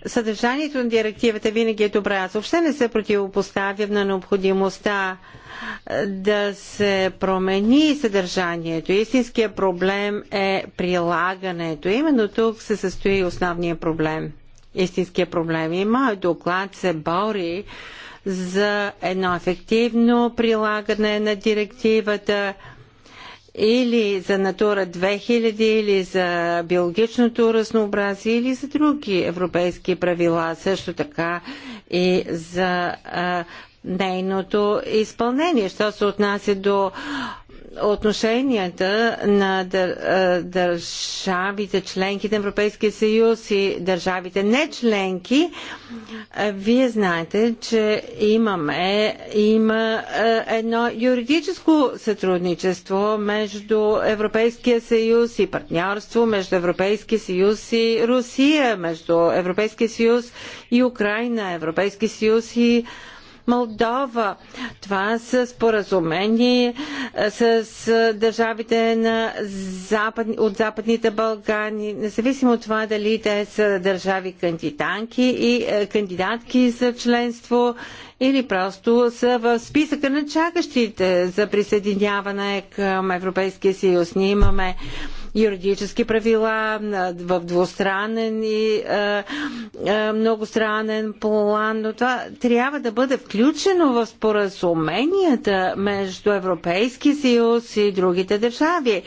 съдържанието на директивата винаги е добра, Аз въобще не се противопоставям на необходимостта е, да се промени съдържанието. Истинският проблем е прилагането. Именно тук се състои основния проблем. Истинският проблем. И моят доклад се бори за едно ефективно прилагане на директивата, или за Натура 2000, или за биологичното разнообразие, или за други европейски правила, също така и за а, нейното изпълнение. Що се отнася до отношенията на държавите членки на Европейския съюз и държавите не членки, вие знаете, че имаме има едно юридическо сътрудничество между Европейския съюз и партньорство между Европейския съюз и Русия, между Европейския съюз и Украина, Европейския съюз и Молдова. Това са споразумени с държавите на запад, от Западните Балкани, независимо от това дали те са държави кандидатки и е, кандидатки за членство или просто са в списъка на чакащите за присъединяване към Европейския съюз. Ние имаме юридически правила в двустранен и многостранен план, но това трябва да бъде включено в споразуменията между Европейския съюз и другите държави.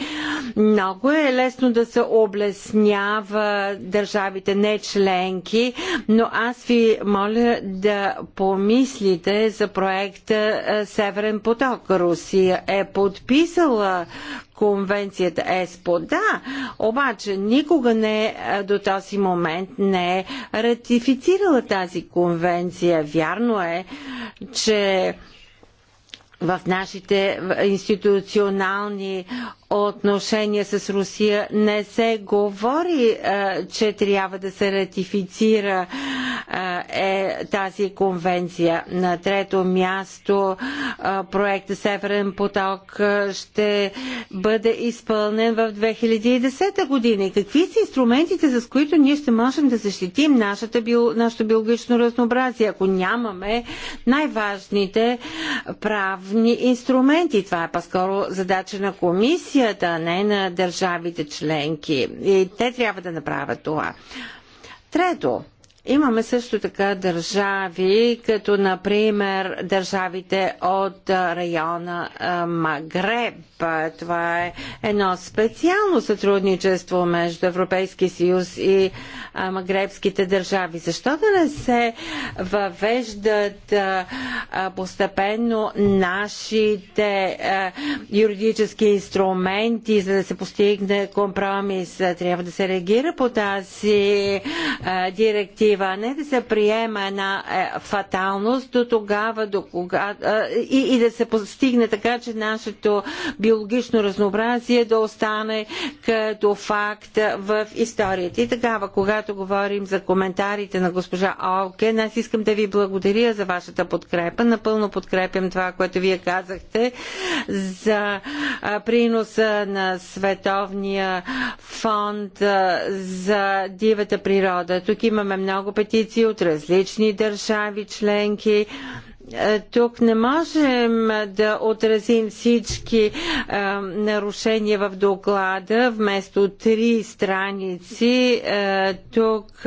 Много е лесно да се облеснява държавите не членки, но аз ви моля да помисля мислите за проекта Северен поток? Русия е подписала конвенцията ЕСПО. Да, обаче никога не до този момент не е ратифицирала тази конвенция. Вярно е, че в нашите институционални отношения с Русия. Не се говори, че трябва да се ратифицира е, тази конвенция. На трето място проекта Северен поток ще бъде изпълнен в 2010 година. И какви са инструментите, с които ние ще можем да защитим нашата, нашето биологично разнообразие, ако нямаме най-важните правни инструменти? Това е по-скоро задача на комисия комисията, а не на държавите членки. И те трябва да направят това. Трето, Имаме също така държави, като например държавите от района Магреб. Това е едно специално сътрудничество между Европейски съюз и магребските държави. Защо да не се въвеждат постепенно нашите юридически инструменти, за да се постигне компромис? Трябва да се реагира по тази директива такива, а не да се приема една е, фаталност до тогава, до кога, и, и да се постигне така, че нашето биологично разнообразие да остане като факт в историята. И такава, когато говорим за коментарите на госпожа Олкен, аз искам да ви благодаря за вашата подкрепа. Напълно подкрепям това, което вие казахте за приноса на Световния фонд за дивата природа. Тук имаме много много петиции от различни държави членки. Е, тук не можем да отразим всички е, нарушения в доклада. Вместо три страници, е, тук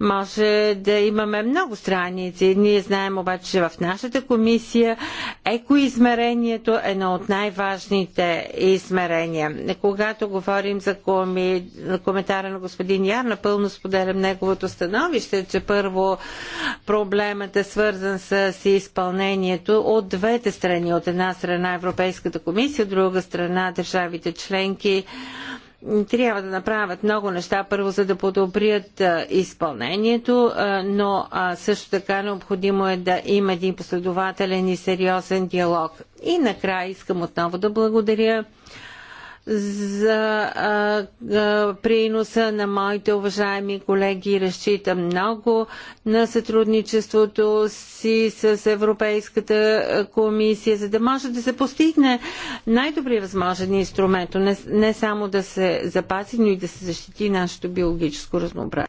може да имаме много страници. Ние знаем обаче, че в нашата комисия екоизмерението е едно от най-важните измерения. Когато говорим за коми... коментара на господин Яр, напълно споделям неговото становище, че първо проблемът е свързан с изпълнението от двете страни. От една страна Европейската комисия, от друга страна държавите членки трябва да направят много неща, първо за да подобрят изпълнението, но също така необходимо е да има един последователен и сериозен диалог. И накрая искам отново да благодаря за а, а, приноса на моите уважаеми колеги. Разчитам много на сътрудничеството си с Европейската комисия, за да може да се постигне най-добри възможен инструмент, не, не само да се запази, но и да се защити нашето биологическо разнообразие.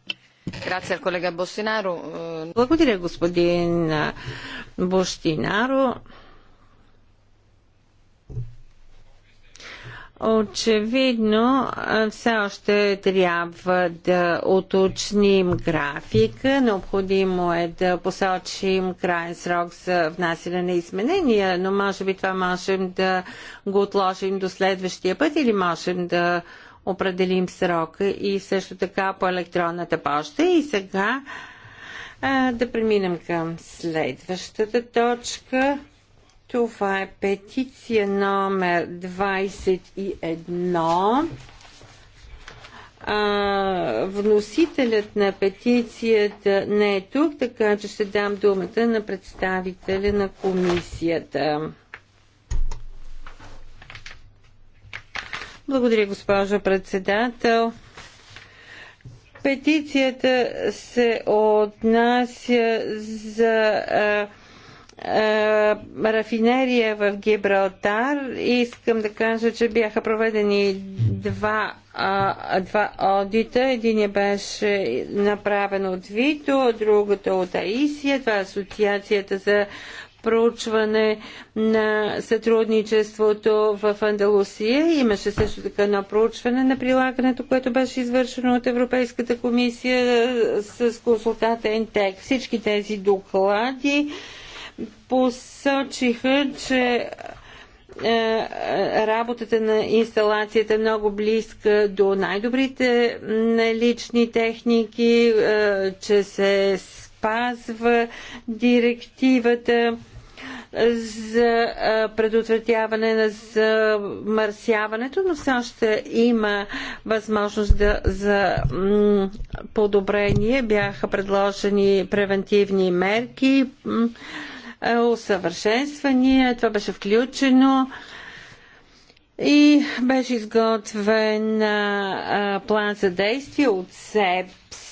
Благодаря, господин Бощинаро. Очевидно, все още трябва да уточним графика. Необходимо е да посочим крайен срок за внасяне на изменения, но може би това можем да го отложим до следващия път или можем да определим срока и също така по електронната почта. И сега да преминем към следващата точка. Това е петиция номер 21. А, вносителят на петицията не е тук, така че ще дам думата на представителя на комисията. Благодаря, госпожо председател. Петицията се отнася за а, е, рафинерия в Гибралтар. Искам да кажа, че бяха проведени два, а, два одита. Единият беше направен от Вито, другото от Аисия. Това е Асоциацията за проучване на сътрудничеството в Андалусия. Имаше също така едно проучване на прилагането, което беше извършено от Европейската комисия с консултатен текст. Всички тези доклади посочиха, че е, работата на инсталацията е много близка до най-добрите налични техники, е, че се спазва директивата за е, предотвратяване на замърсяването, но все още има възможност да, за подобрение. Бяха предложени превентивни мерки е, усъвършенствания. Е, това беше включено и беше изготвен а, е, план за действие от СЕПС.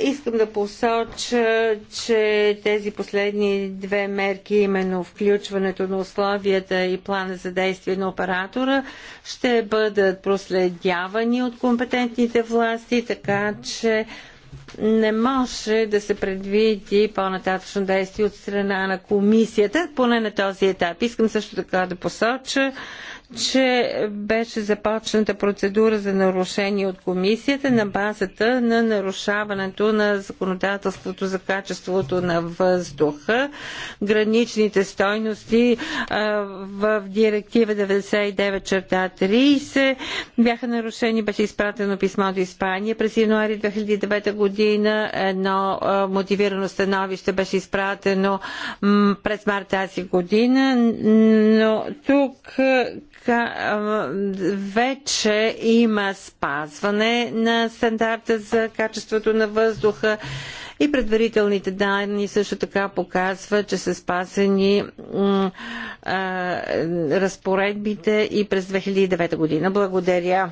Искам да посоча, че тези последни две мерки, именно включването на условията и плана за действие на оператора, ще бъдат проследявани от компетентните власти, така че не може да се предвиди по-нататъчно действие от страна на комисията, поне на този етап. Искам също така да посоча, че беше започната процедура за нарушение от комисията на базата на нарушаването на законодателството за качеството на въздуха, граничните стойности в директива 99 черта 30 бяха нарушени, беше изпратено писмо до Испания през януари 2009 година, едно мотивирано становище беше изпратено през март тази година, но тук вече има спазване на стандарта за качеството на въздуха и предварителните данни също така показват, че са спасени разпоредбите и през 2009 година. Благодаря.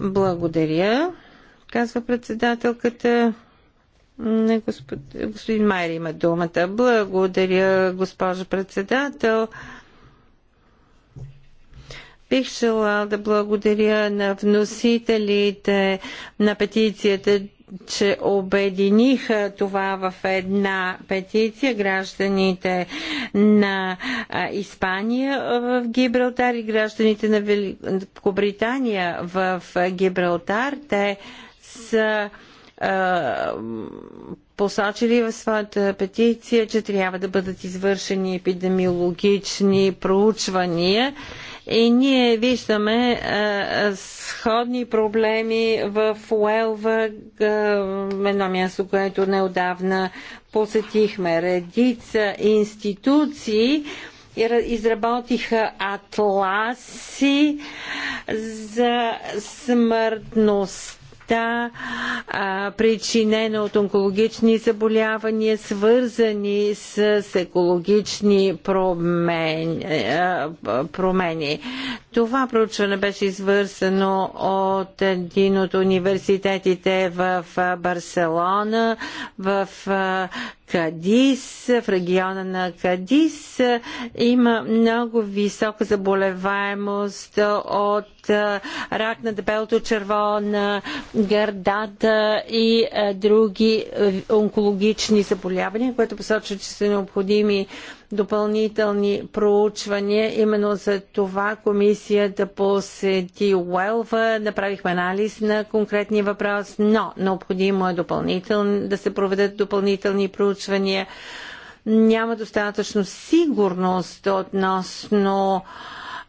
Благодаря, казва председателката. Не, господ... Господин Майер има думата. Благодаря, госпожо председател. Бих желал да благодаря на вносителите на петицията, че обединиха това в една петиция гражданите на Испания в Гибралтар и гражданите на Великобритания в Гибралтар. Те са посочили в своята петиция, че трябва да бъдат извършени епидемиологични проучвания и ние виждаме а, е, сходни проблеми в Уелва, е, едно място, което неодавна посетихме. Редица институции изработиха атласи за смъртност смъртта, причинена от онкологични заболявания, свързани с, екологични промени. Това проучване беше извършено от един от университетите в Барселона, в Кадис, в региона на Кадис има много висока заболеваемост от рак на дебелото черво, на гърдата и други онкологични заболявания, което посочва, че са необходими допълнителни проучвания. Именно за това комисията посети Уелва, направихме анализ на конкретния въпрос, но необходимо е допълнително да се проведат допълнителни проучвания. Няма достатъчно сигурност относно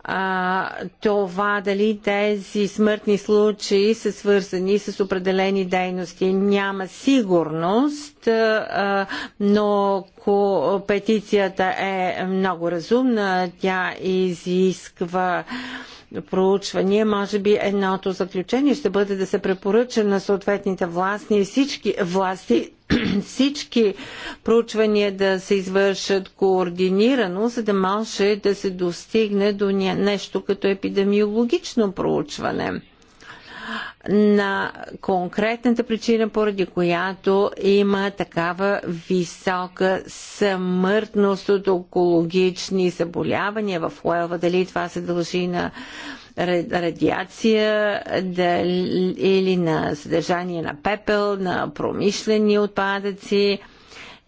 а, това дали тези смъртни случаи са свързани с определени дейности. Няма сигурност, а, но ко, петицията е много разумна. Тя изисква проучвания. Може би едното заключение ще бъде да се препоръча на съответните власти и всички власти всички проучвания да се извършат координирано, за да може да се достигне до нещо като епидемиологично проучване на конкретната причина, поради която има такава висока смъртност от онкологични заболявания в Уелва. Дали това се дължи на радиация или на съдържание на пепел, на промишлени отпадъци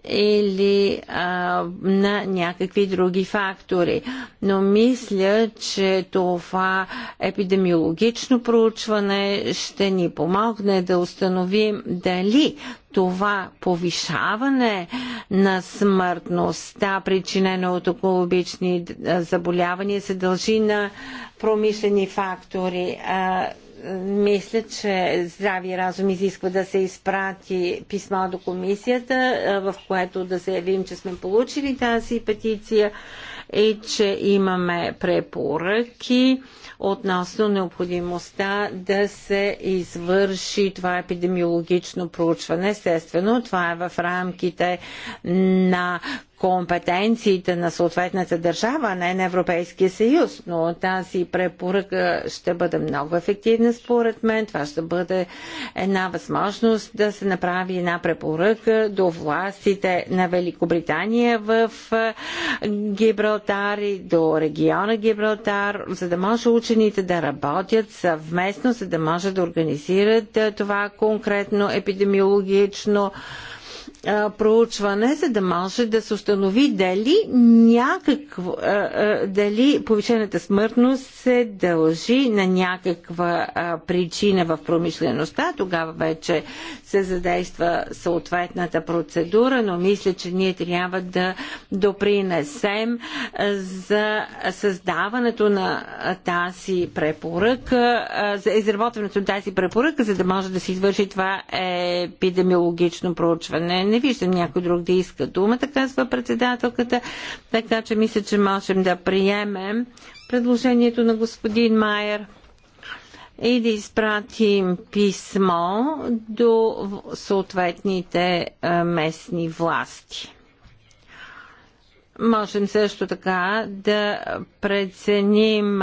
или а, на някакви други фактори. Но мисля, че това епидемиологично проучване ще ни помогне да установим дали това повишаване на смъртността, причинена от околобични заболявания, се дължи на промишлени фактори. А, мисля, че здрави разум изисква да се изпрати писмо до комисията, в което да заявим, че сме получили тази петиция и че имаме препоръки относно необходимостта да се извърши това епидемиологично проучване. Естествено, това е в рамките на компетенциите на съответната държава, а не на Европейския съюз. Но тази препоръка ще бъде много ефективна според мен. Това ще бъде една възможност да се направи една препоръка до властите на Великобритания в Гибралтар и до региона Гибралтар, за да може учените да работят съвместно, за да може да организират това конкретно епидемиологично а, проучване, за да може да се установи дали някакво, а, а, дали повишената смъртност се дължи на някаква а, причина в промишлеността. Тогава вече се задейства съответната процедура, но мисля, че ние трябва да допринесем за създаването на тази препоръка, за изработването на тази препоръка, за да може да се извърши това епидемиологично проучване. Не виждам някой друг да иска думата, казва председателката, така че мисля, че можем да приемем предложението на господин Майер и да изпратим писмо до съответните местни власти. Можем също така да преценим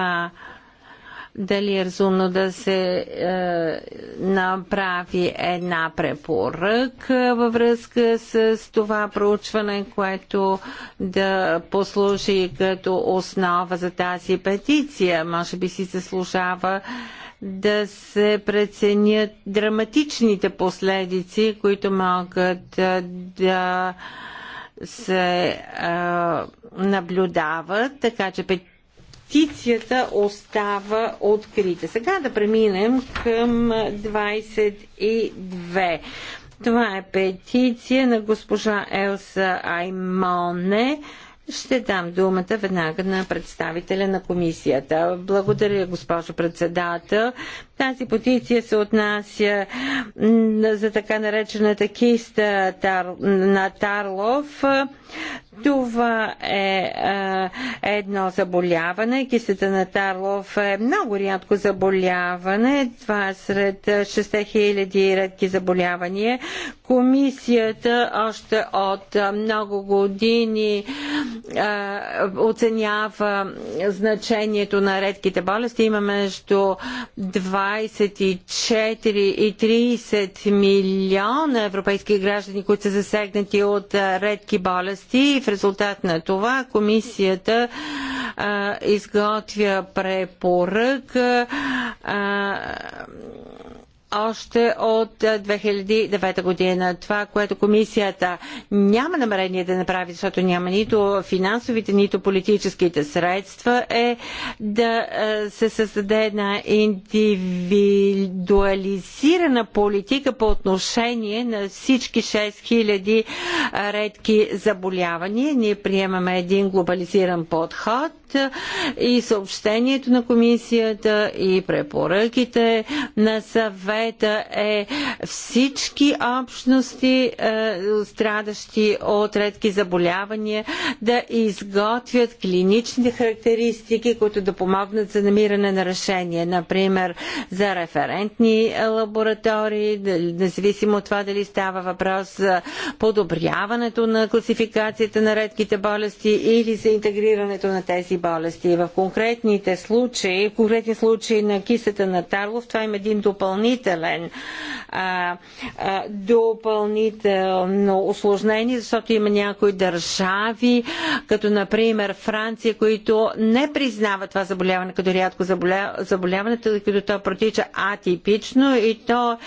дали е разумно да се е, направи една препоръка във връзка с, това проучване, което да послужи като основа за тази петиция. Може би си заслужава да се преценят драматичните последици, които могат е, да се е, наблюдават, така че петиция петицията остава открита. Сега да преминем към 22. Това е петиция на госпожа Елса Аймоне. Ще дам думата веднага на представителя на комисията. Благодаря, госпожо председател. Тази позиция се отнася за така наречената киста на Тарлов. Това е едно заболяване. Кистата на Тарлов е много рядко заболяване. Това е сред 6000 редки заболявания. Комисията още от много години оценява значението на редките болести. Има между 2 24 и 30 милиона европейски граждани, които са засегнати от редки болести и в резултат на това комисията а, изготвя препоръка а, още от 2009 година. Това, което комисията няма намерение да направи, защото няма нито финансовите, нито политическите средства, е да се създаде една индивидуализирана политика по отношение на всички 6000 редки заболявания. Ние приемаме един глобализиран подход и съобщението на комисията и препоръките на съвета е всички общности, е, страдащи от редки заболявания, да изготвят клинични характеристики, които да помогнат за намиране на решение. Например, за референтни лаборатории, независимо от това дали става въпрос за подобряването на класификацията на редките болести или за интегрирането на тези тези болести. В конкретните случаи, в конкретни случаи на кисата на Тарлов, това има един допълнителен а, а, допълнително осложнение, защото има някои държави, като например Франция, които не признават това заболяване като рядко заболя... заболяване, тъй като то протича атипично и то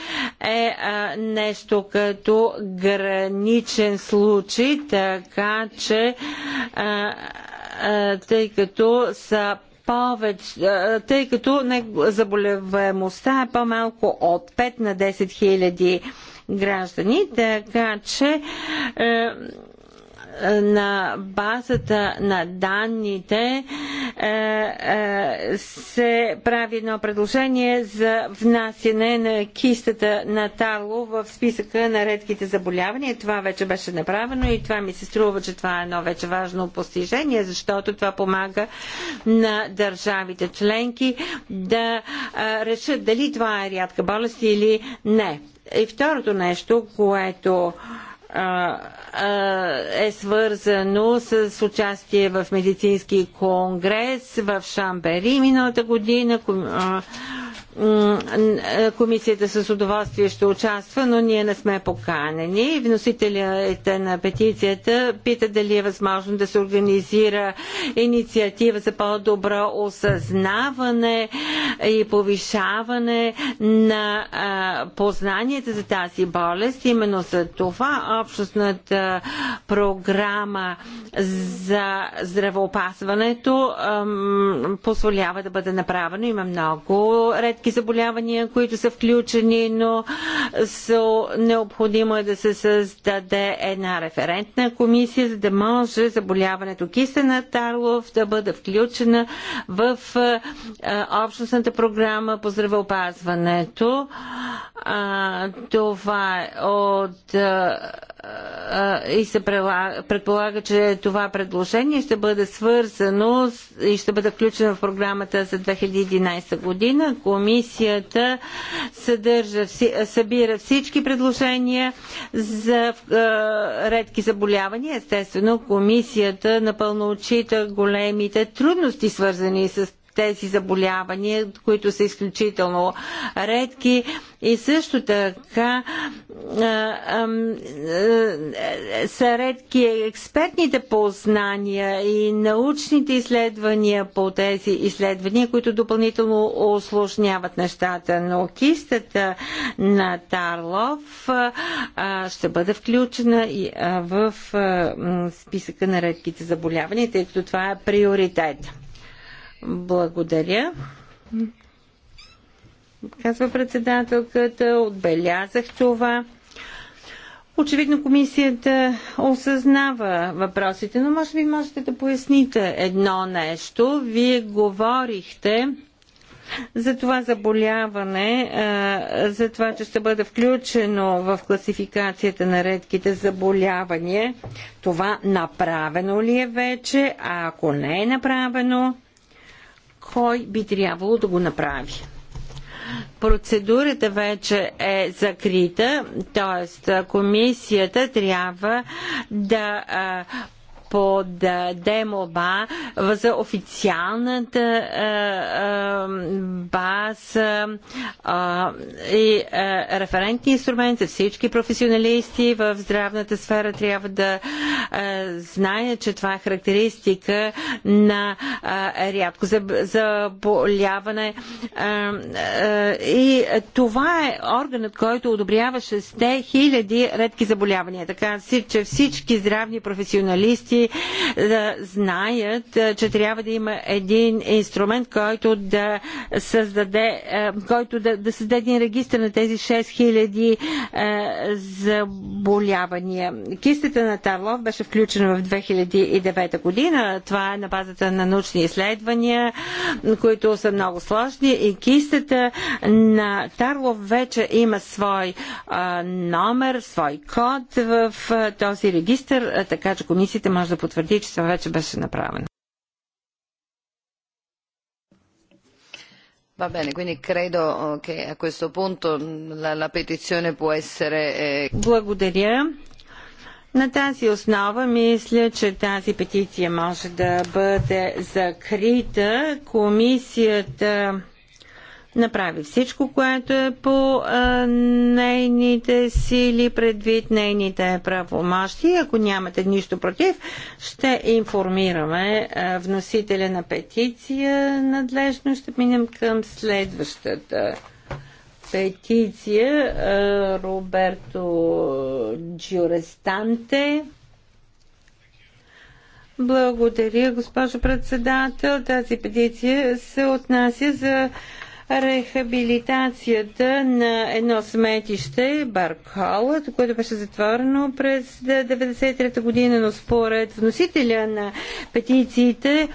е а, нещо като граничен случай, така че а, е, тъй като са повече, тъй като заболеваемостта е по-малко от 5 на 10 хиляди граждани, така че е, е, на базата на данните е, е, се прави едно предложение за внасяне на кистата на тало в списъка на редките заболявания. Това вече беше направено и това ми се струва, че това е едно вече важно постижение, защото това помага на държавите членки да решат дали това е рядка болест или не. И второто нещо, което е свързано с участие в медицински конгрес в Шамбери миналата година. Е, комисията с удоволствие ще участва, но ние не сме поканени. Вносителите е на петицията пита дали е възможно да се организира инициатива за по-добро осъзнаване и повишаване на познанията за тази болест. Именно за това общностната програма за здравеопасването позволява да бъде направено. Има много ред редки заболявания, които са включени, но са необходимо е да се създаде една референтна комисия, за да може заболяването кисена Тарлов да бъде включена в общностната програма по здравеопазването. Това е от и се предполага, че това предложение ще бъде свързано и ще бъде включено в програмата за 2011 година. Комисията съдържа, събира всички предложения за редки заболявания. Естествено, комисията напълно отчита големите трудности, свързани с тези заболявания, които са изключително редки. И също така са редки експертните познания и научните изследвания по тези изследвания, които допълнително осложняват нещата. Но кистата на Тарлов ще бъде включена и в списъка на редките заболявания, тъй като това е приоритет. Благодаря. Казва председателката, отбелязах това. Очевидно комисията осъзнава въпросите, но може би можете да поясните едно нещо. Вие говорихте за това заболяване, за това, че ще бъде включено в класификацията на редките заболявания. Това направено ли е вече? А ако не е направено, кой би трябвало да го направи. Процедурата вече е закрита, т.е. комисията трябва да подаде моба за официалната е, е, база и е, референтни инструмент за всички професионалисти в здравната сфера трябва да знаят, че това е характеристика на рядко заболяване. и това е органът, който одобрява 6000 редки заболявания. Така че всички здравни професионалисти да знаят, че трябва да има един инструмент, който да създаде, който да, да създаде един регистр на тези 6000 заболявания. Кистата на Тарлов беше включена в 2009 година. Това е на базата на научни изследвания, които са много сложни и кистата на Тарлов вече има свой номер, свой код в този регистр, така че комисията може може да потвърди, че това вече беше направено. Va bene, quindi credo eh, che a questo punto la, la petizione può essere... Eh, Благодаря. На тази основа мисля, че тази петиция може да бъде закрита. Комисията направи всичко, което е по а, нейните сили, предвид нейните правомащи. Ако нямате нищо против, ще информираме а, вносителя на петиция надлежно. Ще минем към следващата петиция. А, Роберто Джурестанте. Благодаря, госпожо председател. Тази петиция се отнася за рехабилитацията на едно сметище, Баркола, което беше затворено през 1993 година, но според вносителя на петициите,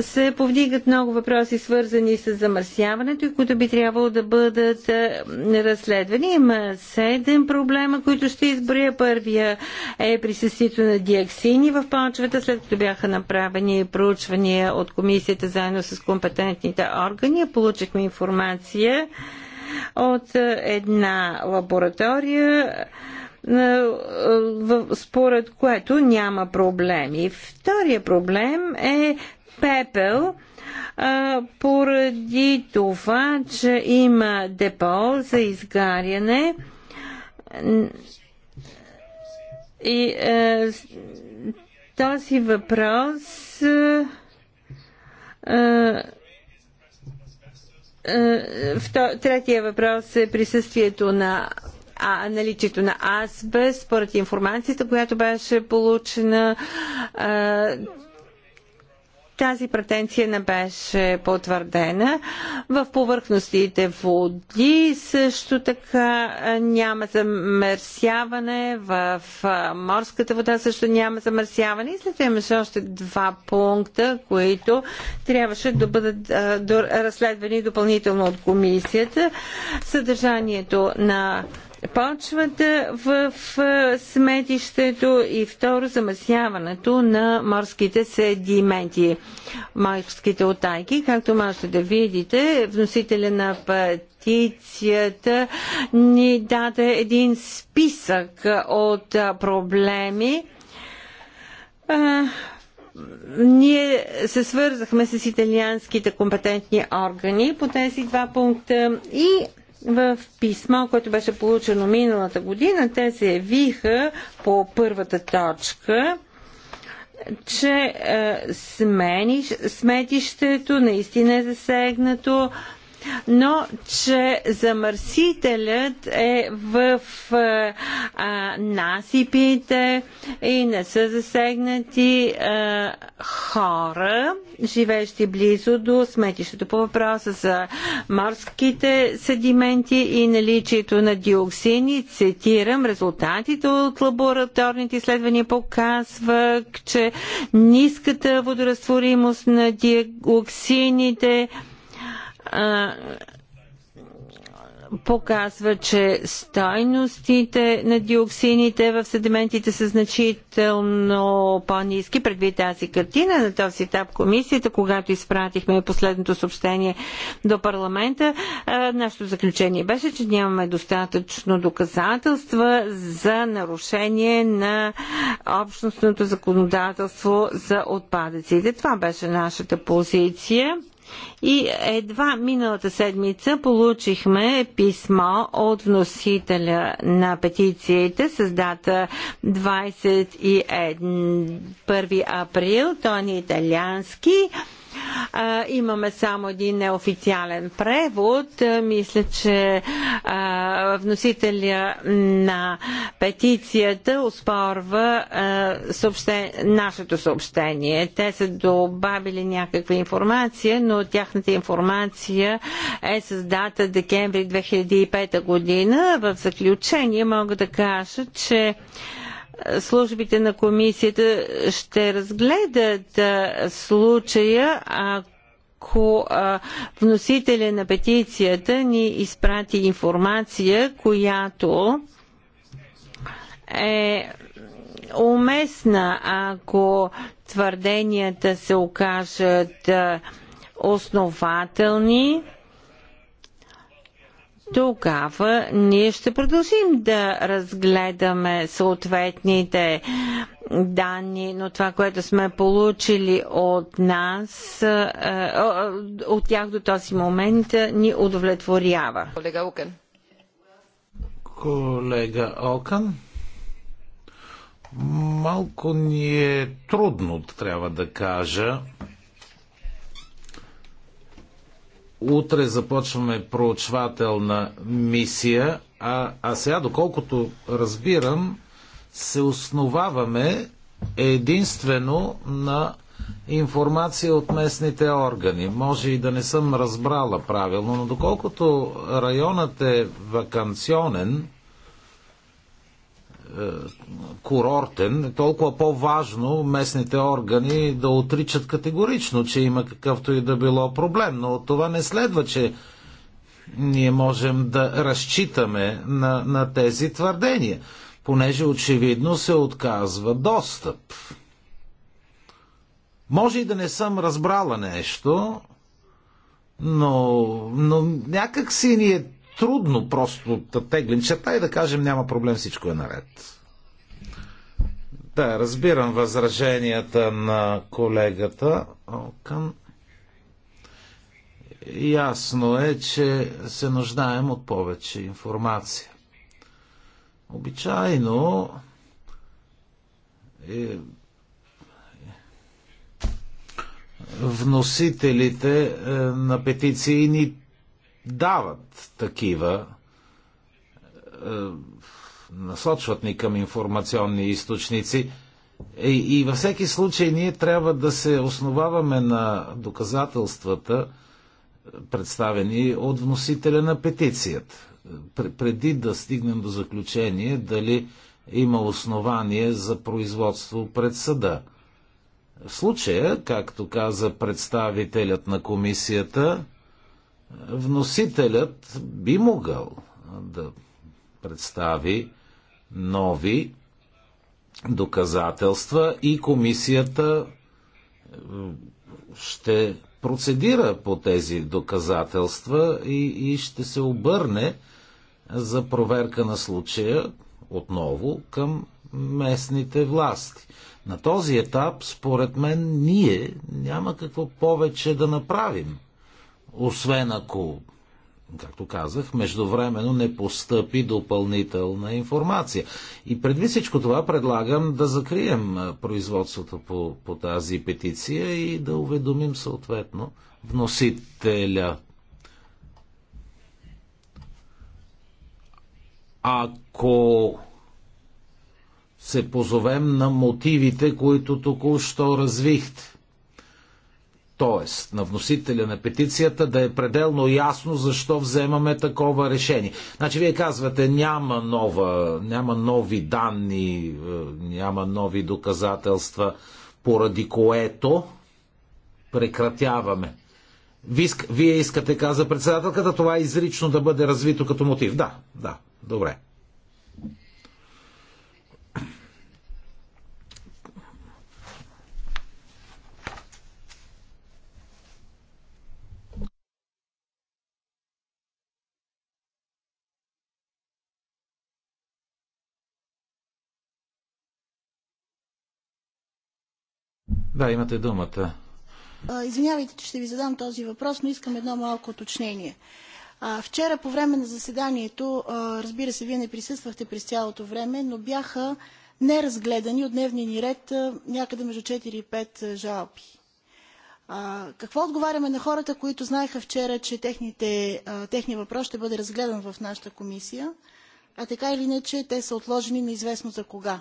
се повдигат много въпроси, свързани с замърсяването и които би трябвало да бъдат е, разследвани. Има седем проблема, които ще изброя. Първия е присъствието на диоксини в почвата, след като бяха направени проучвания от комисията заедно с компетентните органи. Получихме информация от една лаборатория е, е, според което няма проблеми. Втория проблем е пепел поради това, че има депо за изгаряне и е, този въпрос е, е третия въпрос е присъствието на а, наличието на азбест, според информацията, която беше получена, е, тази претенция не беше потвърдена. В повърхностите води също така няма замърсяване, в морската вода също няма замърсяване. И след това имаше още два пункта, които трябваше да бъдат разследвани допълнително от комисията. Съдържанието на почвата в сметището и второ замърсяването на морските седименти, морските отайки. Както можете да видите, вносителя на петицията ни даде един списък от проблеми, ние се свързахме с италианските компетентни органи по тези два пункта и в писмо, което беше получено миналата година, те се явиха по първата точка че е, сметището наистина е засегнато, но че замърсителят е в а, насипите и не са засегнати а, хора, живещи близо до сметището. По въпроса за морските седименти и наличието на диоксини, цитирам, резултатите от лабораторните изследвания показват, че ниската водорастворимост на диоксините показва, че стойностите на диоксините в седиментите са значително по-низки предвид тази картина. На този етап комисията, когато изпратихме последното съобщение до парламента, нашето заключение беше, че нямаме достатъчно доказателства за нарушение на общностното законодателство за отпадъците. Това беше нашата позиция. И едва миналата седмица получихме писмо от вносителя на петициите с дата 21 април. Той е италиански имаме само един неофициален превод. мисля, че вносителя на петицията успорва съобще... нашето съобщение. Те са добавили някаква информация, но тяхната информация е с дата декември 2005 година. В заключение мога да кажа, че службите на комисията ще разгледат случая, ако вносителя на петицията ни изпрати информация, която е уместна, ако твърденията се окажат основателни тогава ние ще продължим да разгледаме съответните данни, но това, което сме получили от нас, е, е, от тях до този момент, е, ни удовлетворява. Колега Окан. Колега Окан, Малко ни е трудно, трябва да кажа. Утре започваме проучвателна мисия, а, а сега, доколкото разбирам, се основаваме единствено на информация от местните органи. Може и да не съм разбрала правилно, но доколкото районът е вакансионен, курортен, толкова по-важно местните органи да отричат категорично, че има какъвто и да било проблем. Но от това не следва, че ние можем да разчитаме на, на тези твърдения, понеже очевидно се отказва достъп. Може и да не съм разбрала нещо, но, но някак си ни е трудно просто да теглим черта и да кажем няма проблем, всичко е наред. Да, разбирам възраженията на колегата Окън. Ясно е, че се нуждаем от повече информация. Обичайно е, вносителите е, на петиции ни дават такива, е, насочват ни към информационни източници. И, е, и във всеки случай ние трябва да се основаваме на доказателствата, е, представени от вносителя на петицията, преди да стигнем до заключение дали има основание за производство пред съда. В случая, както каза представителят на комисията, вносителят би могъл да представи нови доказателства и комисията е, ще процедира по тези доказателства и, и ще се обърне за проверка на случая отново към местните власти. На този етап, според мен, ние няма какво повече да направим освен ако, както казах, междувременно не постъпи допълнителна информация. И преди всичко това предлагам да закрием производството по, по тази петиция и да уведомим съответно вносителя. Ако се позовем на мотивите, които току-що развихте т.е. на вносителя на петицията, да е пределно ясно защо вземаме такова решение. Значи вие казвате, няма, нова, няма нови данни, е, няма нови доказателства, поради което прекратяваме. Вие искате, каза председателката, това е изрично да бъде развито като мотив. Да, да, добре. Да, имате думата. Извинявайте, че ще ви задам този въпрос, но искам едно малко уточнение. Вчера по време на заседанието, разбира се, вие не присъствахте през цялото време, но бяха неразгледани от дневния ни ред някъде между 4 и 5 жалби. Какво отговаряме на хората, които знаеха вчера, че техните, техния въпрос ще бъде разгледан в нашата комисия, а така или иначе те са отложени неизвестно за кога?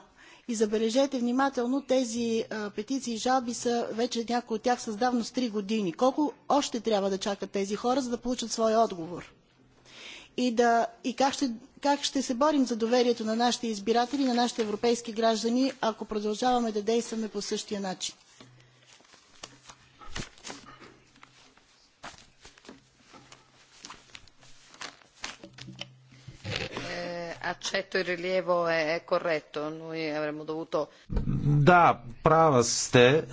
И забележете внимателно, тези а, петиции и жалби са вече някои от тях с давност 3 години. Колко още трябва да чакат тези хора, за да получат своя отговор? И, да, и как, ще, как ще се борим за доверието на нашите избиратели, на нашите европейски граждани, ако продължаваме да действаме по същия начин? accetto il rilievo, è corretto. Noi avremmo dovuto... Да, prava сте.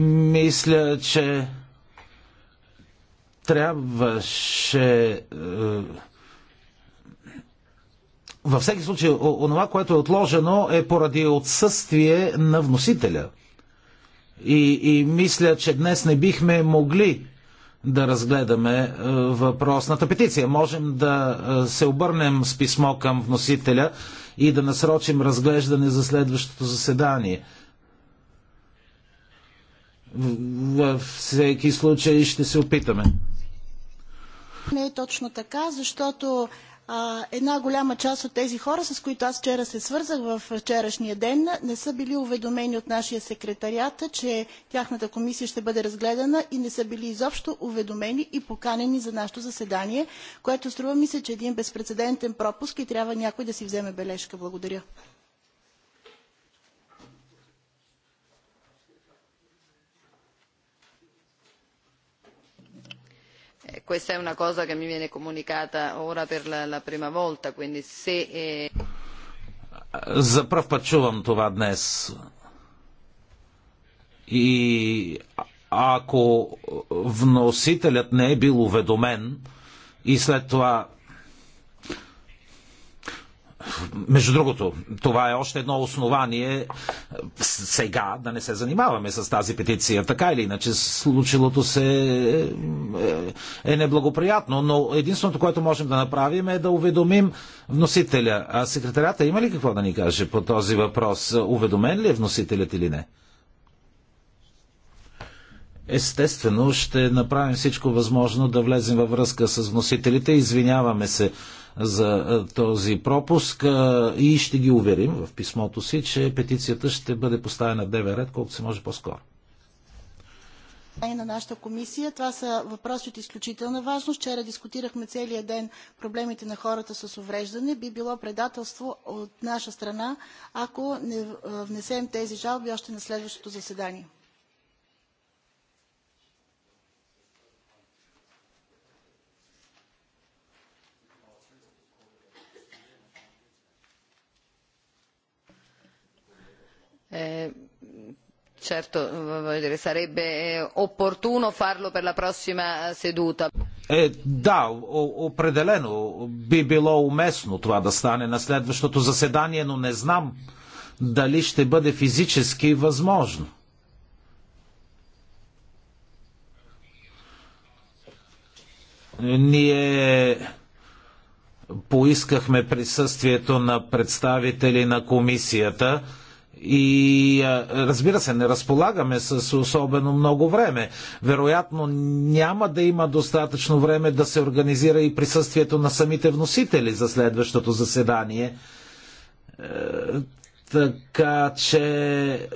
Мисля, че трябваше е, във всеки случай, онова, което е отложено, е поради отсъствие на вносителя. И, и мисля, че днес не бихме могли да разгледаме е, въпросната петиция. Можем да е, се обърнем с писмо към вносителя и да насрочим разглеждане за следващото заседание. Във всеки случай ще се опитаме. Не е точно така, защото една голяма част от тези хора, с които аз вчера се свързах в вчерашния ден, не са били уведомени от нашия секретариат, че тяхната комисия ще бъде разгледана и не са били изобщо уведомени и поканени за нашето заседание, което струва ми се, че е един безпрецедентен пропуск и трябва някой да си вземе бележка. Благодаря. questa è una cosa che mi viene comunicata ora per la, la prima volta, quindi se... Е... За пръв път чувам това днес. И ако вносителят не е бил уведомен и след това между другото, това е още едно основание е, сега да не се занимаваме с тази петиция. Така или иначе, случилото се е, е, е неблагоприятно, но единственото, което можем да направим е да уведомим вносителя. А секретарята има ли какво да ни каже по този въпрос? Уведомен ли е вносителят или не? Естествено, ще направим всичко възможно да влезем във връзка с вносителите. Извиняваме се за е, този пропуск е, и ще ги уверим в писмото си, че петицията ще бъде поставена в ред колкото се може по-скоро. И е, на нашата комисия. Това са въпроси от изключителна важност. Вчера дискутирахме целият ден проблемите на хората с увреждане. Би било предателство от наша страна, ако не внесем тези жалби още на следващото заседание. Eh, certo sarebbe eh, opportuno farlo per la prossima eh, seduta. Е, да, определено би било уместно това да стане на следващото заседание, но не знам дали ще бъде физически възможно. Ние поискахме присъствието на представители на комисията. И разбира се, не разполагаме с особено много време. Вероятно няма да има достатъчно време да се организира и присъствието на самите вносители за следващото заседание. Е, така че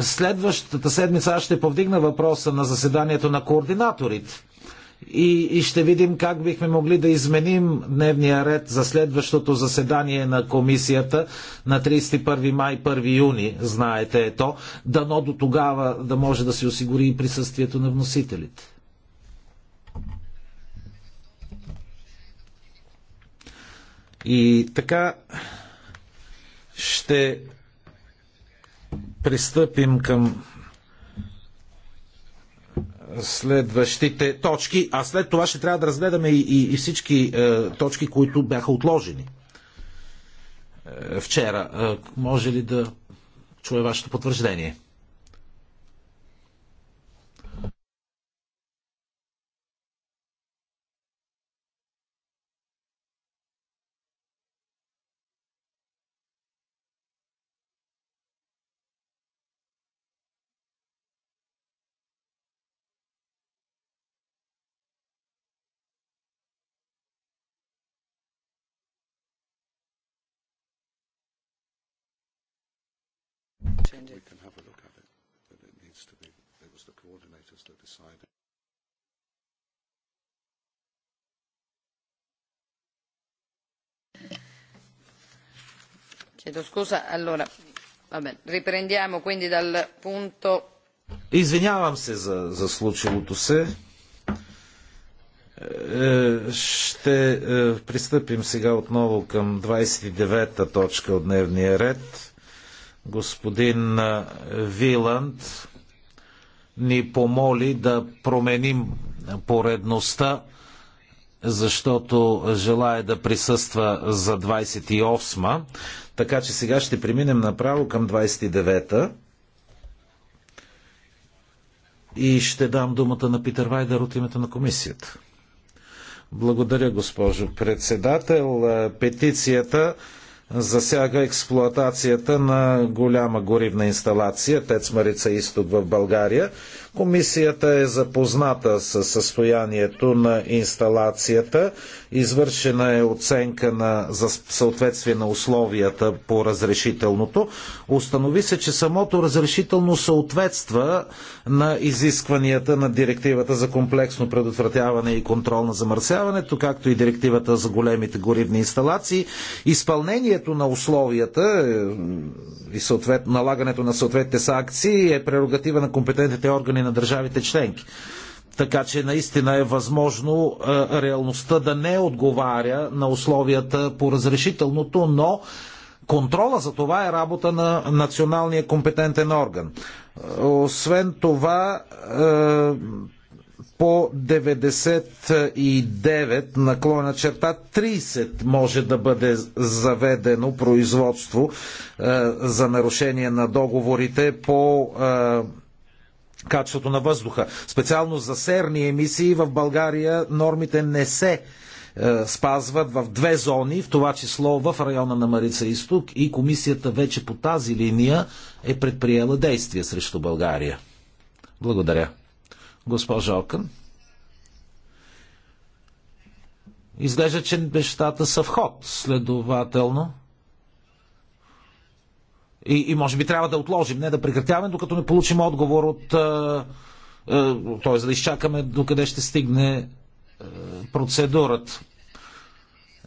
следващата седмица аз ще повдигна въпроса на заседанието на координаторите и, и ще видим как бихме могли да изменим дневния ред за следващото заседание на комисията на 31 май 1 юни, знаете е то, дано до тогава да може да се осигури и присъствието на вносителите. И така ще пристъпим към следващите точки, а след това ще трябва да разгледаме и, и, и всички е, точки, които бяха отложени е, вчера. Е, може ли да чуя вашето потвърждение? send it. We can have a look at it, but it needs to be, it was the coordinators that decided. Chiedo scusa, allora, va bene, riprendiamo quindi dal punto... Извинявам се за, за случилото се. Ще пристъпим сега отново към 29-та точка от дневния ред господин Виланд ни помоли да променим поредността, защото желая да присъства за 28-ма. Така че сега ще преминем направо към 29-та. И ще дам думата на Питер Вайдер от името на комисията. Благодаря, госпожо председател. Петицията засяга експлоатацията на голяма горивна инсталация, Тец Марица Исток в България. Комисията е запозната с състоянието на инсталацията. Извършена е оценка на, за съответствие на условията по разрешителното. Установи се, че самото разрешително съответства на изискванията на директивата за комплексно предотвратяване и контрол на замърсяването, както и директивата за големите горивни инсталации. Изпълнението на условията е, и съответ, налагането на съответните санкции е прерогатива на компетентните органи на държавите членки. Така че наистина е възможно реалността да не отговаря на условията по разрешителното, но контрола за това е работа на националния компетентен орган. Освен това, по 99 наклона черта 30 може да бъде заведено производство за нарушение на договорите по качеството на въздуха. Специално за серни емисии в България нормите не се е, спазват в две зони, в това число в района на Марица Исток и комисията вече по тази линия е предприела действия срещу България. Благодаря. Госпожа Окън. Изглежда, че нещата са в ход, следователно. И, и може би трябва да отложим, не да прекратяваме, докато не получим отговор от. Е, е, Тоест да изчакаме докъде ще стигне е, процедурата.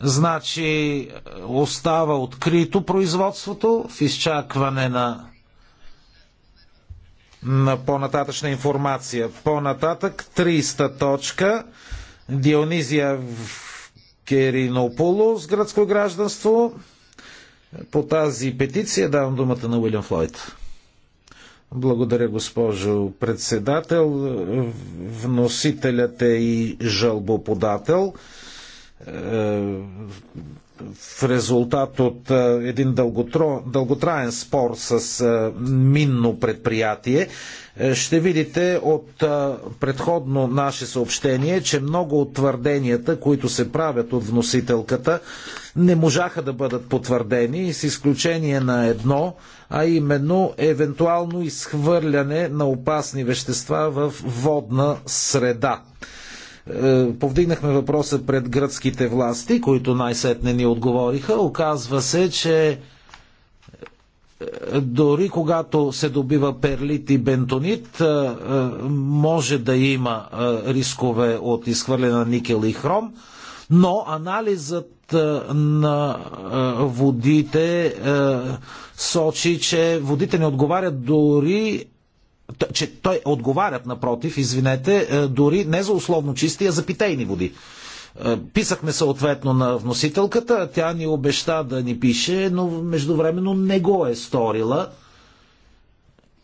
Значи остава открито производството в изчакване на на по-нататъчна информация. По-нататък 300 точка Дионизия Керинополо с гръцко гражданство по тази петиция давам думата на Уилям Флойд. Благодаря, госпожо председател. Вносителят е и жалбоподател в резултат от един дълготраен спор с минно предприятие, е, ще видите от предходно наше съобщение, че много от твърденията, които се правят от вносителката, не можаха да бъдат потвърдени, с изключение на едно, а именно евентуално изхвърляне на опасни вещества в водна среда. Е, повдигнахме въпроса пред гръцките власти, които най-сетне ни отговориха. Оказва се, че е, дори когато се добива перлит и бентонит, е, може да има рискове от изхвърляне на никел и хром, но анализът на водите сочи, че водите не отговарят дори че той отговарят, напротив, извинете, е, дори не за условно чисти, а за питейни води. Е, писахме съответно на вносителката, тя ни обеща да ни пише, но междувременно не го е сторила.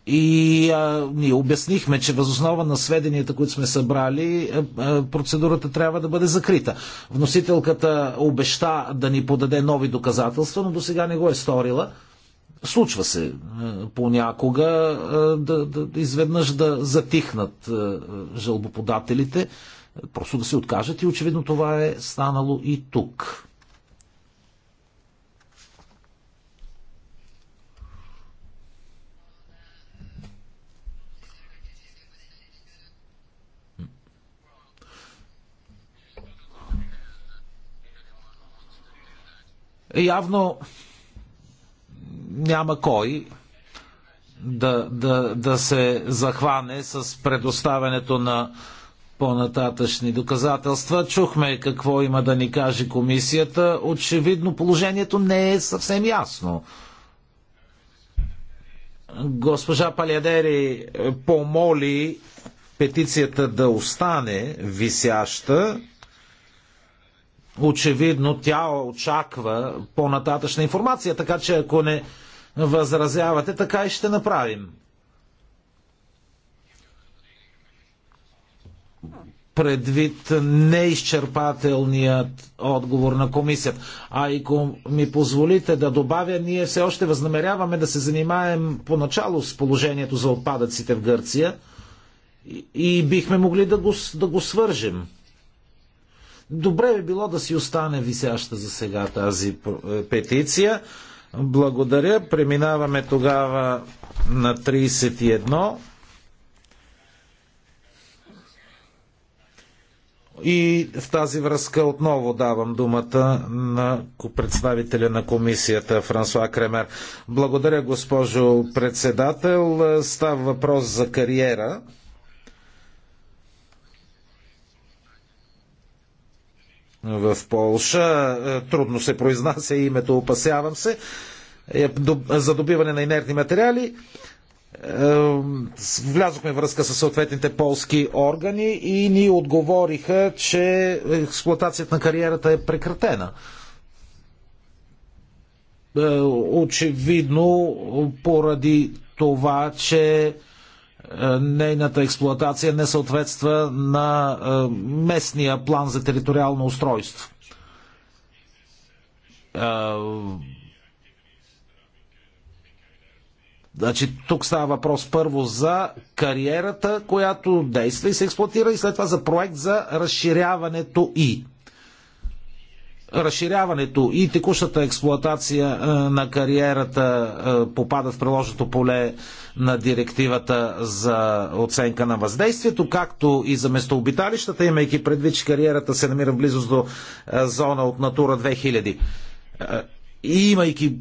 И а, е, ние обяснихме, че възоснова на сведенията, които сме събрали, процедурата трябва да бъде закрита. Вносителката обеща да ни подаде нови доказателства, но до сега не го е сторила. Случва се е, понякога е, да, да, изведнъж да затихнат е, жалбоподателите, просто да се откажат и очевидно това е станало и тук. Явно няма кой да, да, да се захване с предоставянето на по-нататъчни доказателства. Чухме какво има да ни каже комисията. Очевидно положението не е съвсем ясно. Госпожа Палядери е, помоли петицията да остане висяща. Очевидно тя очаква по-нататъчна информация, така че ако не възразявате, така и ще направим. предвид неизчерпателният отговор на комисията. А и ако ми позволите да добавя, ние все още възнамеряваме да се занимаем поначало с положението за отпадъците в Гърция и, бихме могли да го, да го свържем. Добре би било да си остане висяща за сега тази петиция. Благодаря. Преминаваме тогава на 31. И в тази връзка отново давам думата на представителя на комисията Франсуа Кремер. Благодаря, госпожо председател. Става въпрос за кариера. в Полша. Е, трудно се произнася името, опасявам се, е, за добиване на инертни материали. Е, влязохме в връзка с съответните полски органи и ни отговориха, че експлуатацията на кариерата е прекратена. Очевидно, поради това, че е, нейната експлоатация не съответства на е, местния план за териториално устройство. Е, значи, тук става въпрос първо за кариерата, която действа и се експлуатира, и след това за проект за разширяването и разширяването и текущата експлоатация е, на кариерата е, попада в приложното поле на директивата за оценка на въздействието, както и за местообиталищата, имайки предвид, че кариерата се намира в близост до е, зона от Натура 2000. И имайки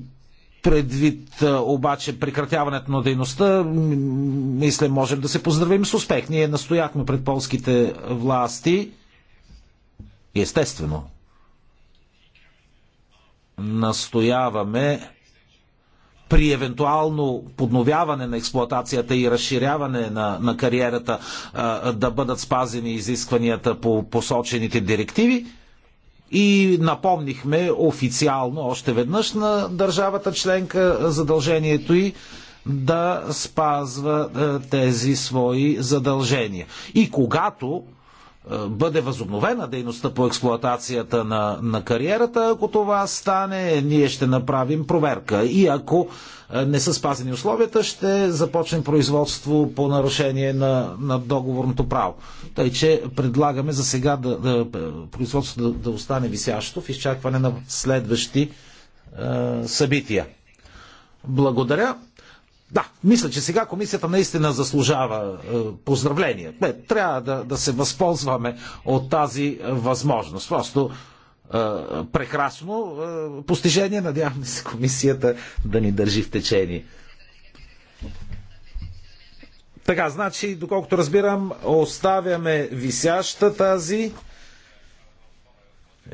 предвид обаче прекратяването на дейността, мисля, можем да се поздравим с успех. Ние настояхме пред полските власти, естествено, настояваме при евентуално подновяване на експлоатацията и разширяване на, на кариерата а, да бъдат спазени изискванията по посочените директиви. И напомнихме официално още веднъж на държавата членка задължението и да спазва а, тези свои задължения. И когато е, бъде възобновена дейността по експлоатацията на, на кариерата. Ако това стане, ние ще направим проверка. И ако е, не са спазени условията, ще започнем производство по нарушение на, на договорното право. Тъй, че предлагаме за сега да, да, е, производството да, да остане висящо в изчакване на следващи е, събития. Благодаря. Да, мисля, че сега комисията наистина заслужава е, поздравление. Не, трябва да, да се възползваме от тази е, възможност. Просто е, прекрасно е, постижение. Надяваме се комисията да ни държи в течение. Така, значи, доколкото разбирам, оставяме висяща тази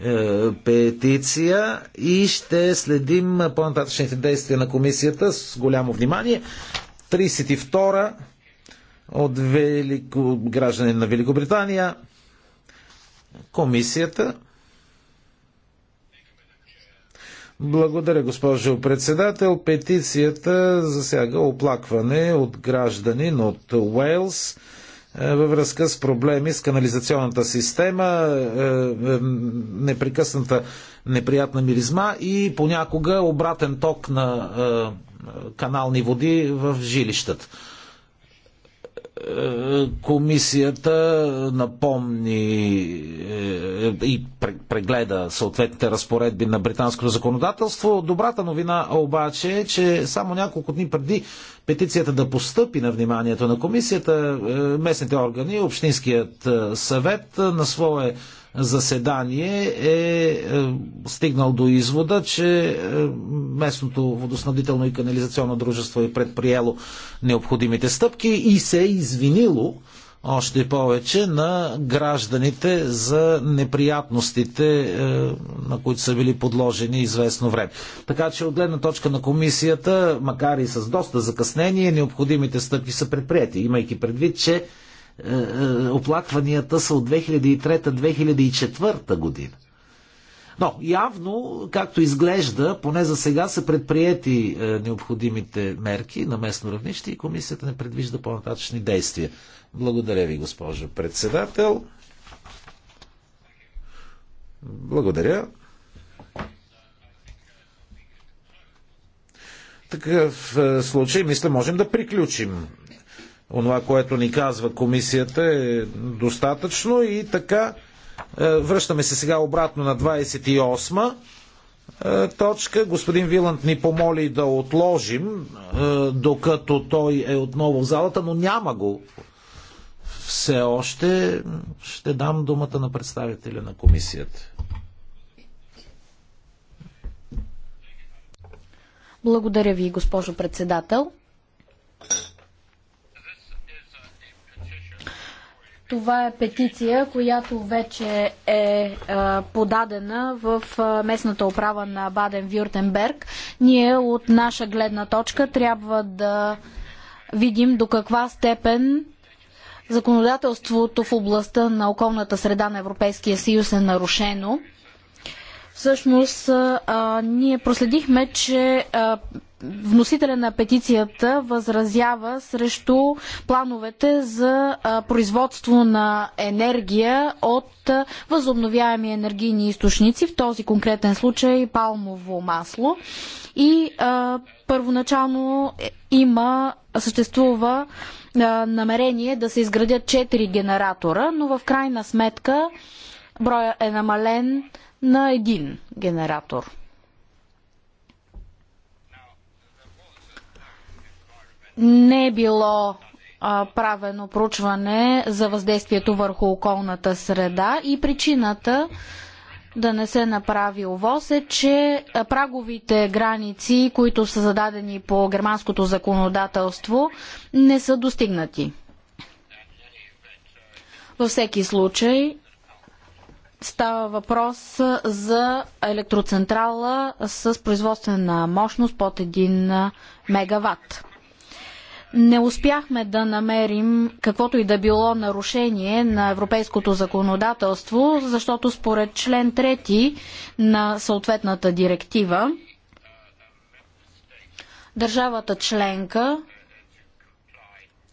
е, петиция и ще следим по-нататъчните действия на комисията с голямо внимание. 32-а от Велико... граждане на Великобритания. Комисията. Благодаря, госпожо председател. Петицията засяга оплакване от гражданин от Уелс е, във връзка с проблеми с канализационната система, е, е, непрекъсната неприятна миризма и понякога обратен ток на канални води в жилищата комисията напомни е, и прегледа съответните разпоредби на британското законодателство. Добрата новина обаче е, че само няколко дни преди петицията да постъпи на вниманието на комисията, е, местните органи, Общинският е, съвет на свое заседание е, е стигнал до извода, че е, местното водоснабдително и канализационно дружество е предприело необходимите стъпки и се е извинило още повече на гражданите за неприятностите, е, на които са били подложени известно време. Така че от гледна точка на комисията, макар и с доста закъснение, необходимите стъпки са предприяти, имайки предвид, че е, е, оплакванията са от 2003-2004 година. Но явно, както изглежда, поне за сега са предприяти е, необходимите мерки на местно равнище и комисията не предвижда по-нататъчни действия. Благодаря ви, госпожо председател. Благодаря. такъв случай, мисля, можем да приключим онова, което ни казва комисията е достатъчно и така е, връщаме се сега обратно на 28 е, точка. Господин Виланд ни помоли да отложим, е, докато той е отново в залата, но няма го все още. Ще дам думата на представителя на комисията. Благодаря ви, госпожо председател. Това е петиция, която вече е, е подадена в е, местната управа на Баден-Вюртенберг. Ние от наша гледна точка трябва да видим до каква степен законодателството в областта на околната среда на Европейския съюз е нарушено Всъщност, а, ние проследихме, че а, вносителя на петицията възразява срещу плановете за производство на енергия от възобновяеми енергийни източници, в този конкретен случай палмово масло. И а, първоначално е, има, съществува а, намерение да се изградят 4 генератора, но в крайна сметка броя е намален на един генератор. Не е било правено проучване за въздействието върху околната среда и причината да не се направи овоз е, че праговите граници, които са зададени по германското законодателство, не са достигнати. Във всеки случай, Става въпрос за електроцентрала с производствена мощност под 1 мегаватт. Не успяхме да намерим каквото и да било нарушение на европейското законодателство, защото според член 3 на съответната директива държавата членка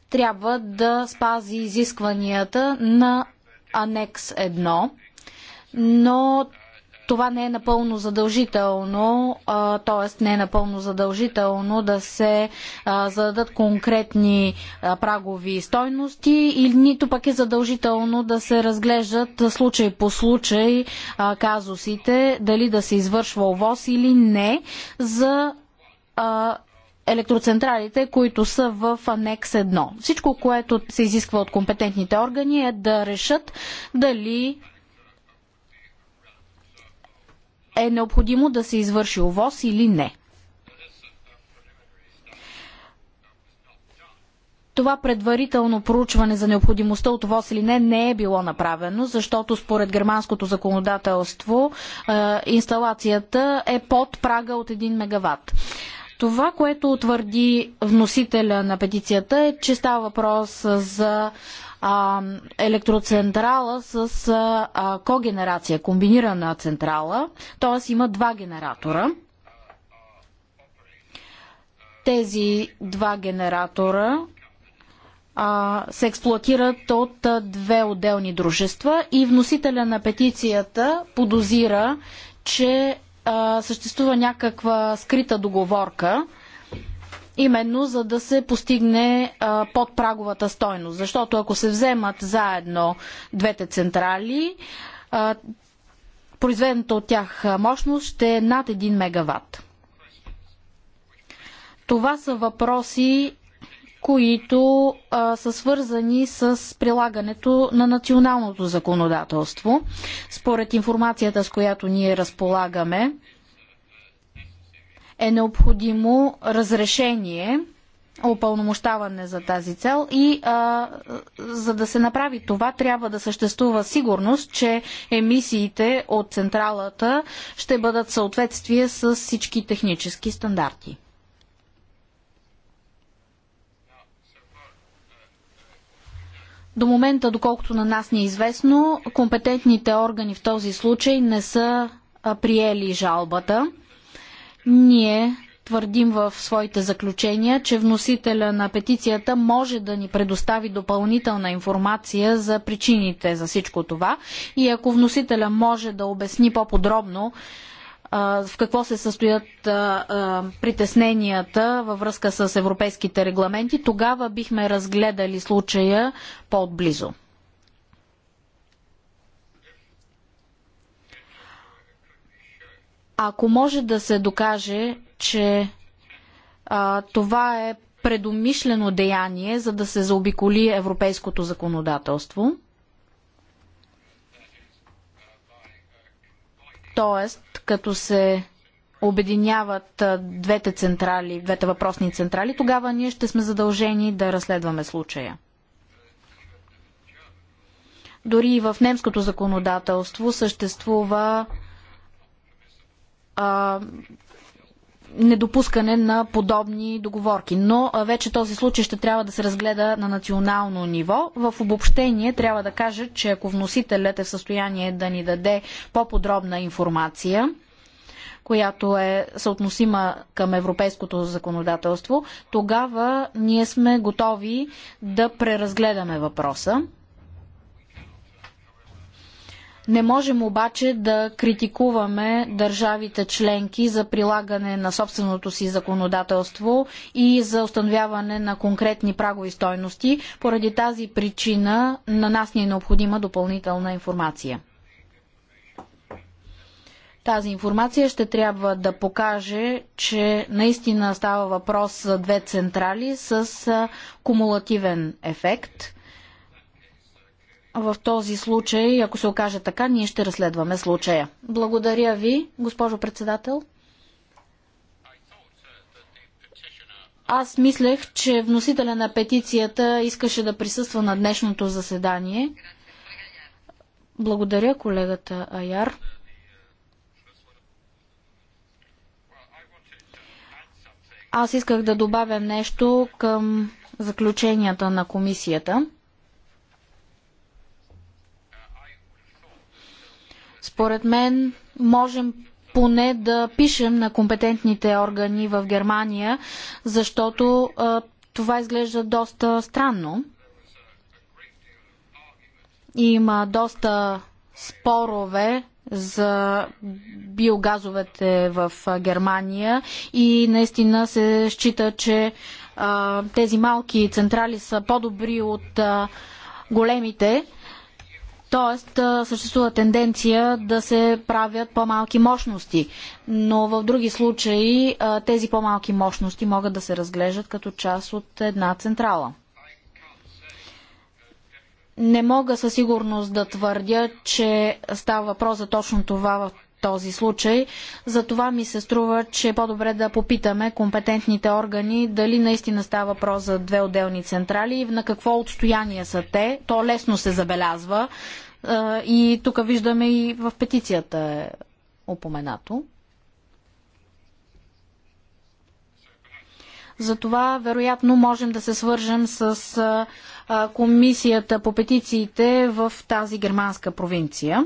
трябва да спази изискванията на анекс 1 но това не е напълно задължително, т.е. не е напълно задължително да се зададат конкретни прагови стойности или нито пък е задължително да се разглеждат случай по случай казусите, дали да се извършва ОВОС или не за електроцентралите, които са в анекс 1. Всичко, което се изисква от компетентните органи е да решат дали е необходимо да се извърши овоз или не. Това предварително проучване за необходимостта от ВОЗ или не не е било направено, защото според германското законодателство е, инсталацията е под прага от 1 мегаватт. Това, което утвърди вносителя на петицията е, че става въпрос за а, електроцентрала с а, когенерация, комбинирана централа, т.е. има два генератора. Тези два генератора а, се експлуатират от две отделни дружества и вносителя на петицията подозира, че а, съществува някаква скрита договорка именно за да се постигне под праговата стойност. Защото ако се вземат заедно двете централи, произведената от тях мощност ще е над 1 мегаватт. Това са въпроси, които а, са свързани с прилагането на националното законодателство. Според информацията, с която ние разполагаме, е необходимо разрешение, опълномощаване за тази цел и а, за да се направи това трябва да съществува сигурност, че емисиите от централата ще бъдат в съответствие с всички технически стандарти. До момента, доколкото на нас ни е известно, компетентните органи в този случай не са приели жалбата. Ние твърдим в своите заключения, че вносителя на петицията може да ни предостави допълнителна информация за причините за всичко това и ако вносителя може да обясни по-подробно в какво се състоят а, а, притесненията във връзка с европейските регламенти, тогава бихме разгледали случая по-отблизо. Ако може да се докаже, че а, това е предумишлено деяние, за да се заобиколи европейското законодателство, т.е. като се обединяват двете централи, двете въпросни централи, тогава ние ще сме задължени да разследваме случая. Дори и в немското законодателство съществува а, недопускане на подобни договорки. Но а, вече този случай ще трябва да се разгледа на национално ниво. В обобщение трябва да кажа, че ако вносителят е в състояние да ни даде по-подробна информация, която е съотносима към европейското законодателство, тогава ние сме готови да преразгледаме въпроса. Не можем обаче да критикуваме държавите членки за прилагане на собственото си законодателство и за установяване на конкретни прагови стойности. Поради тази причина на нас ни е необходима допълнителна информация. Тази информация ще трябва да покаже, че наистина става въпрос за две централи с кумулативен ефект – в този случай, ако се окаже така, ние ще разследваме случая. Благодаря ви, госпожо председател. Аз мислех, че вносителя на петицията искаше да присъства на днешното заседание. Благодаря, колегата Аяр. Аз исках да добавя нещо към заключенията на комисията. Според мен можем поне да пишем на компетентните органи в Германия, защото а, това изглежда доста странно. Има доста спорове за биогазовете в Германия и наистина се счита, че а, тези малки централи са по-добри от а, големите Тоест, съществува тенденция да се правят по-малки мощности, но в други случаи тези по-малки мощности могат да се разглеждат като част от една централа. Не мога със сигурност да твърдя, че става въпрос за точно това в този случай. Затова ми се струва, че е по-добре да попитаме компетентните органи дали наистина става въпрос за две отделни централи и на какво отстояние са те. То лесно се забелязва. Е, и тук виждаме и в петицията е упоменато. Затова, вероятно, можем да се свържем с е, е, комисията по петициите в тази германска провинция.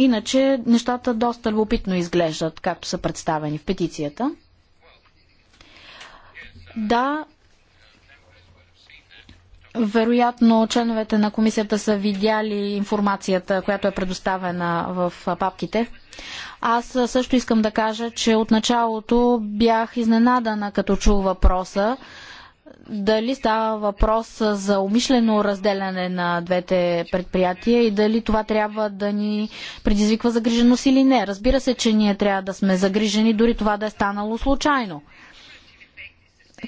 Иначе нещата доста любопитно изглеждат, както са представени в петицията. Да, вероятно членовете на комисията са видяли информацията, която е предоставена в папките. Аз също искам да кажа, че от началото бях изненадана, като чул въпроса дали става въпрос за умишлено разделяне на двете предприятия и дали това трябва да ни предизвиква загриженост или не. Разбира се, че ние трябва да сме загрижени, дори това да е станало случайно.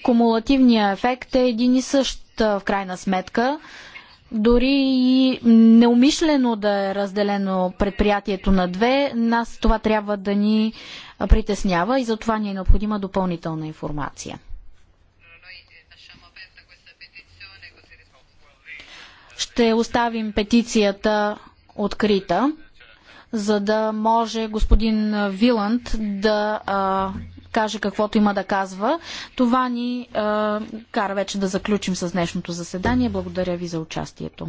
Кумулативният ефект е един и същ в крайна сметка. Дори и неумишлено да е разделено предприятието на две, нас това трябва да ни притеснява и за това ни е необходима допълнителна информация. Ще оставим петицията открита, за да може господин Виланд да а, каже каквото има да казва. Това ни а, кара вече да заключим с днешното заседание. Благодаря ви за участието.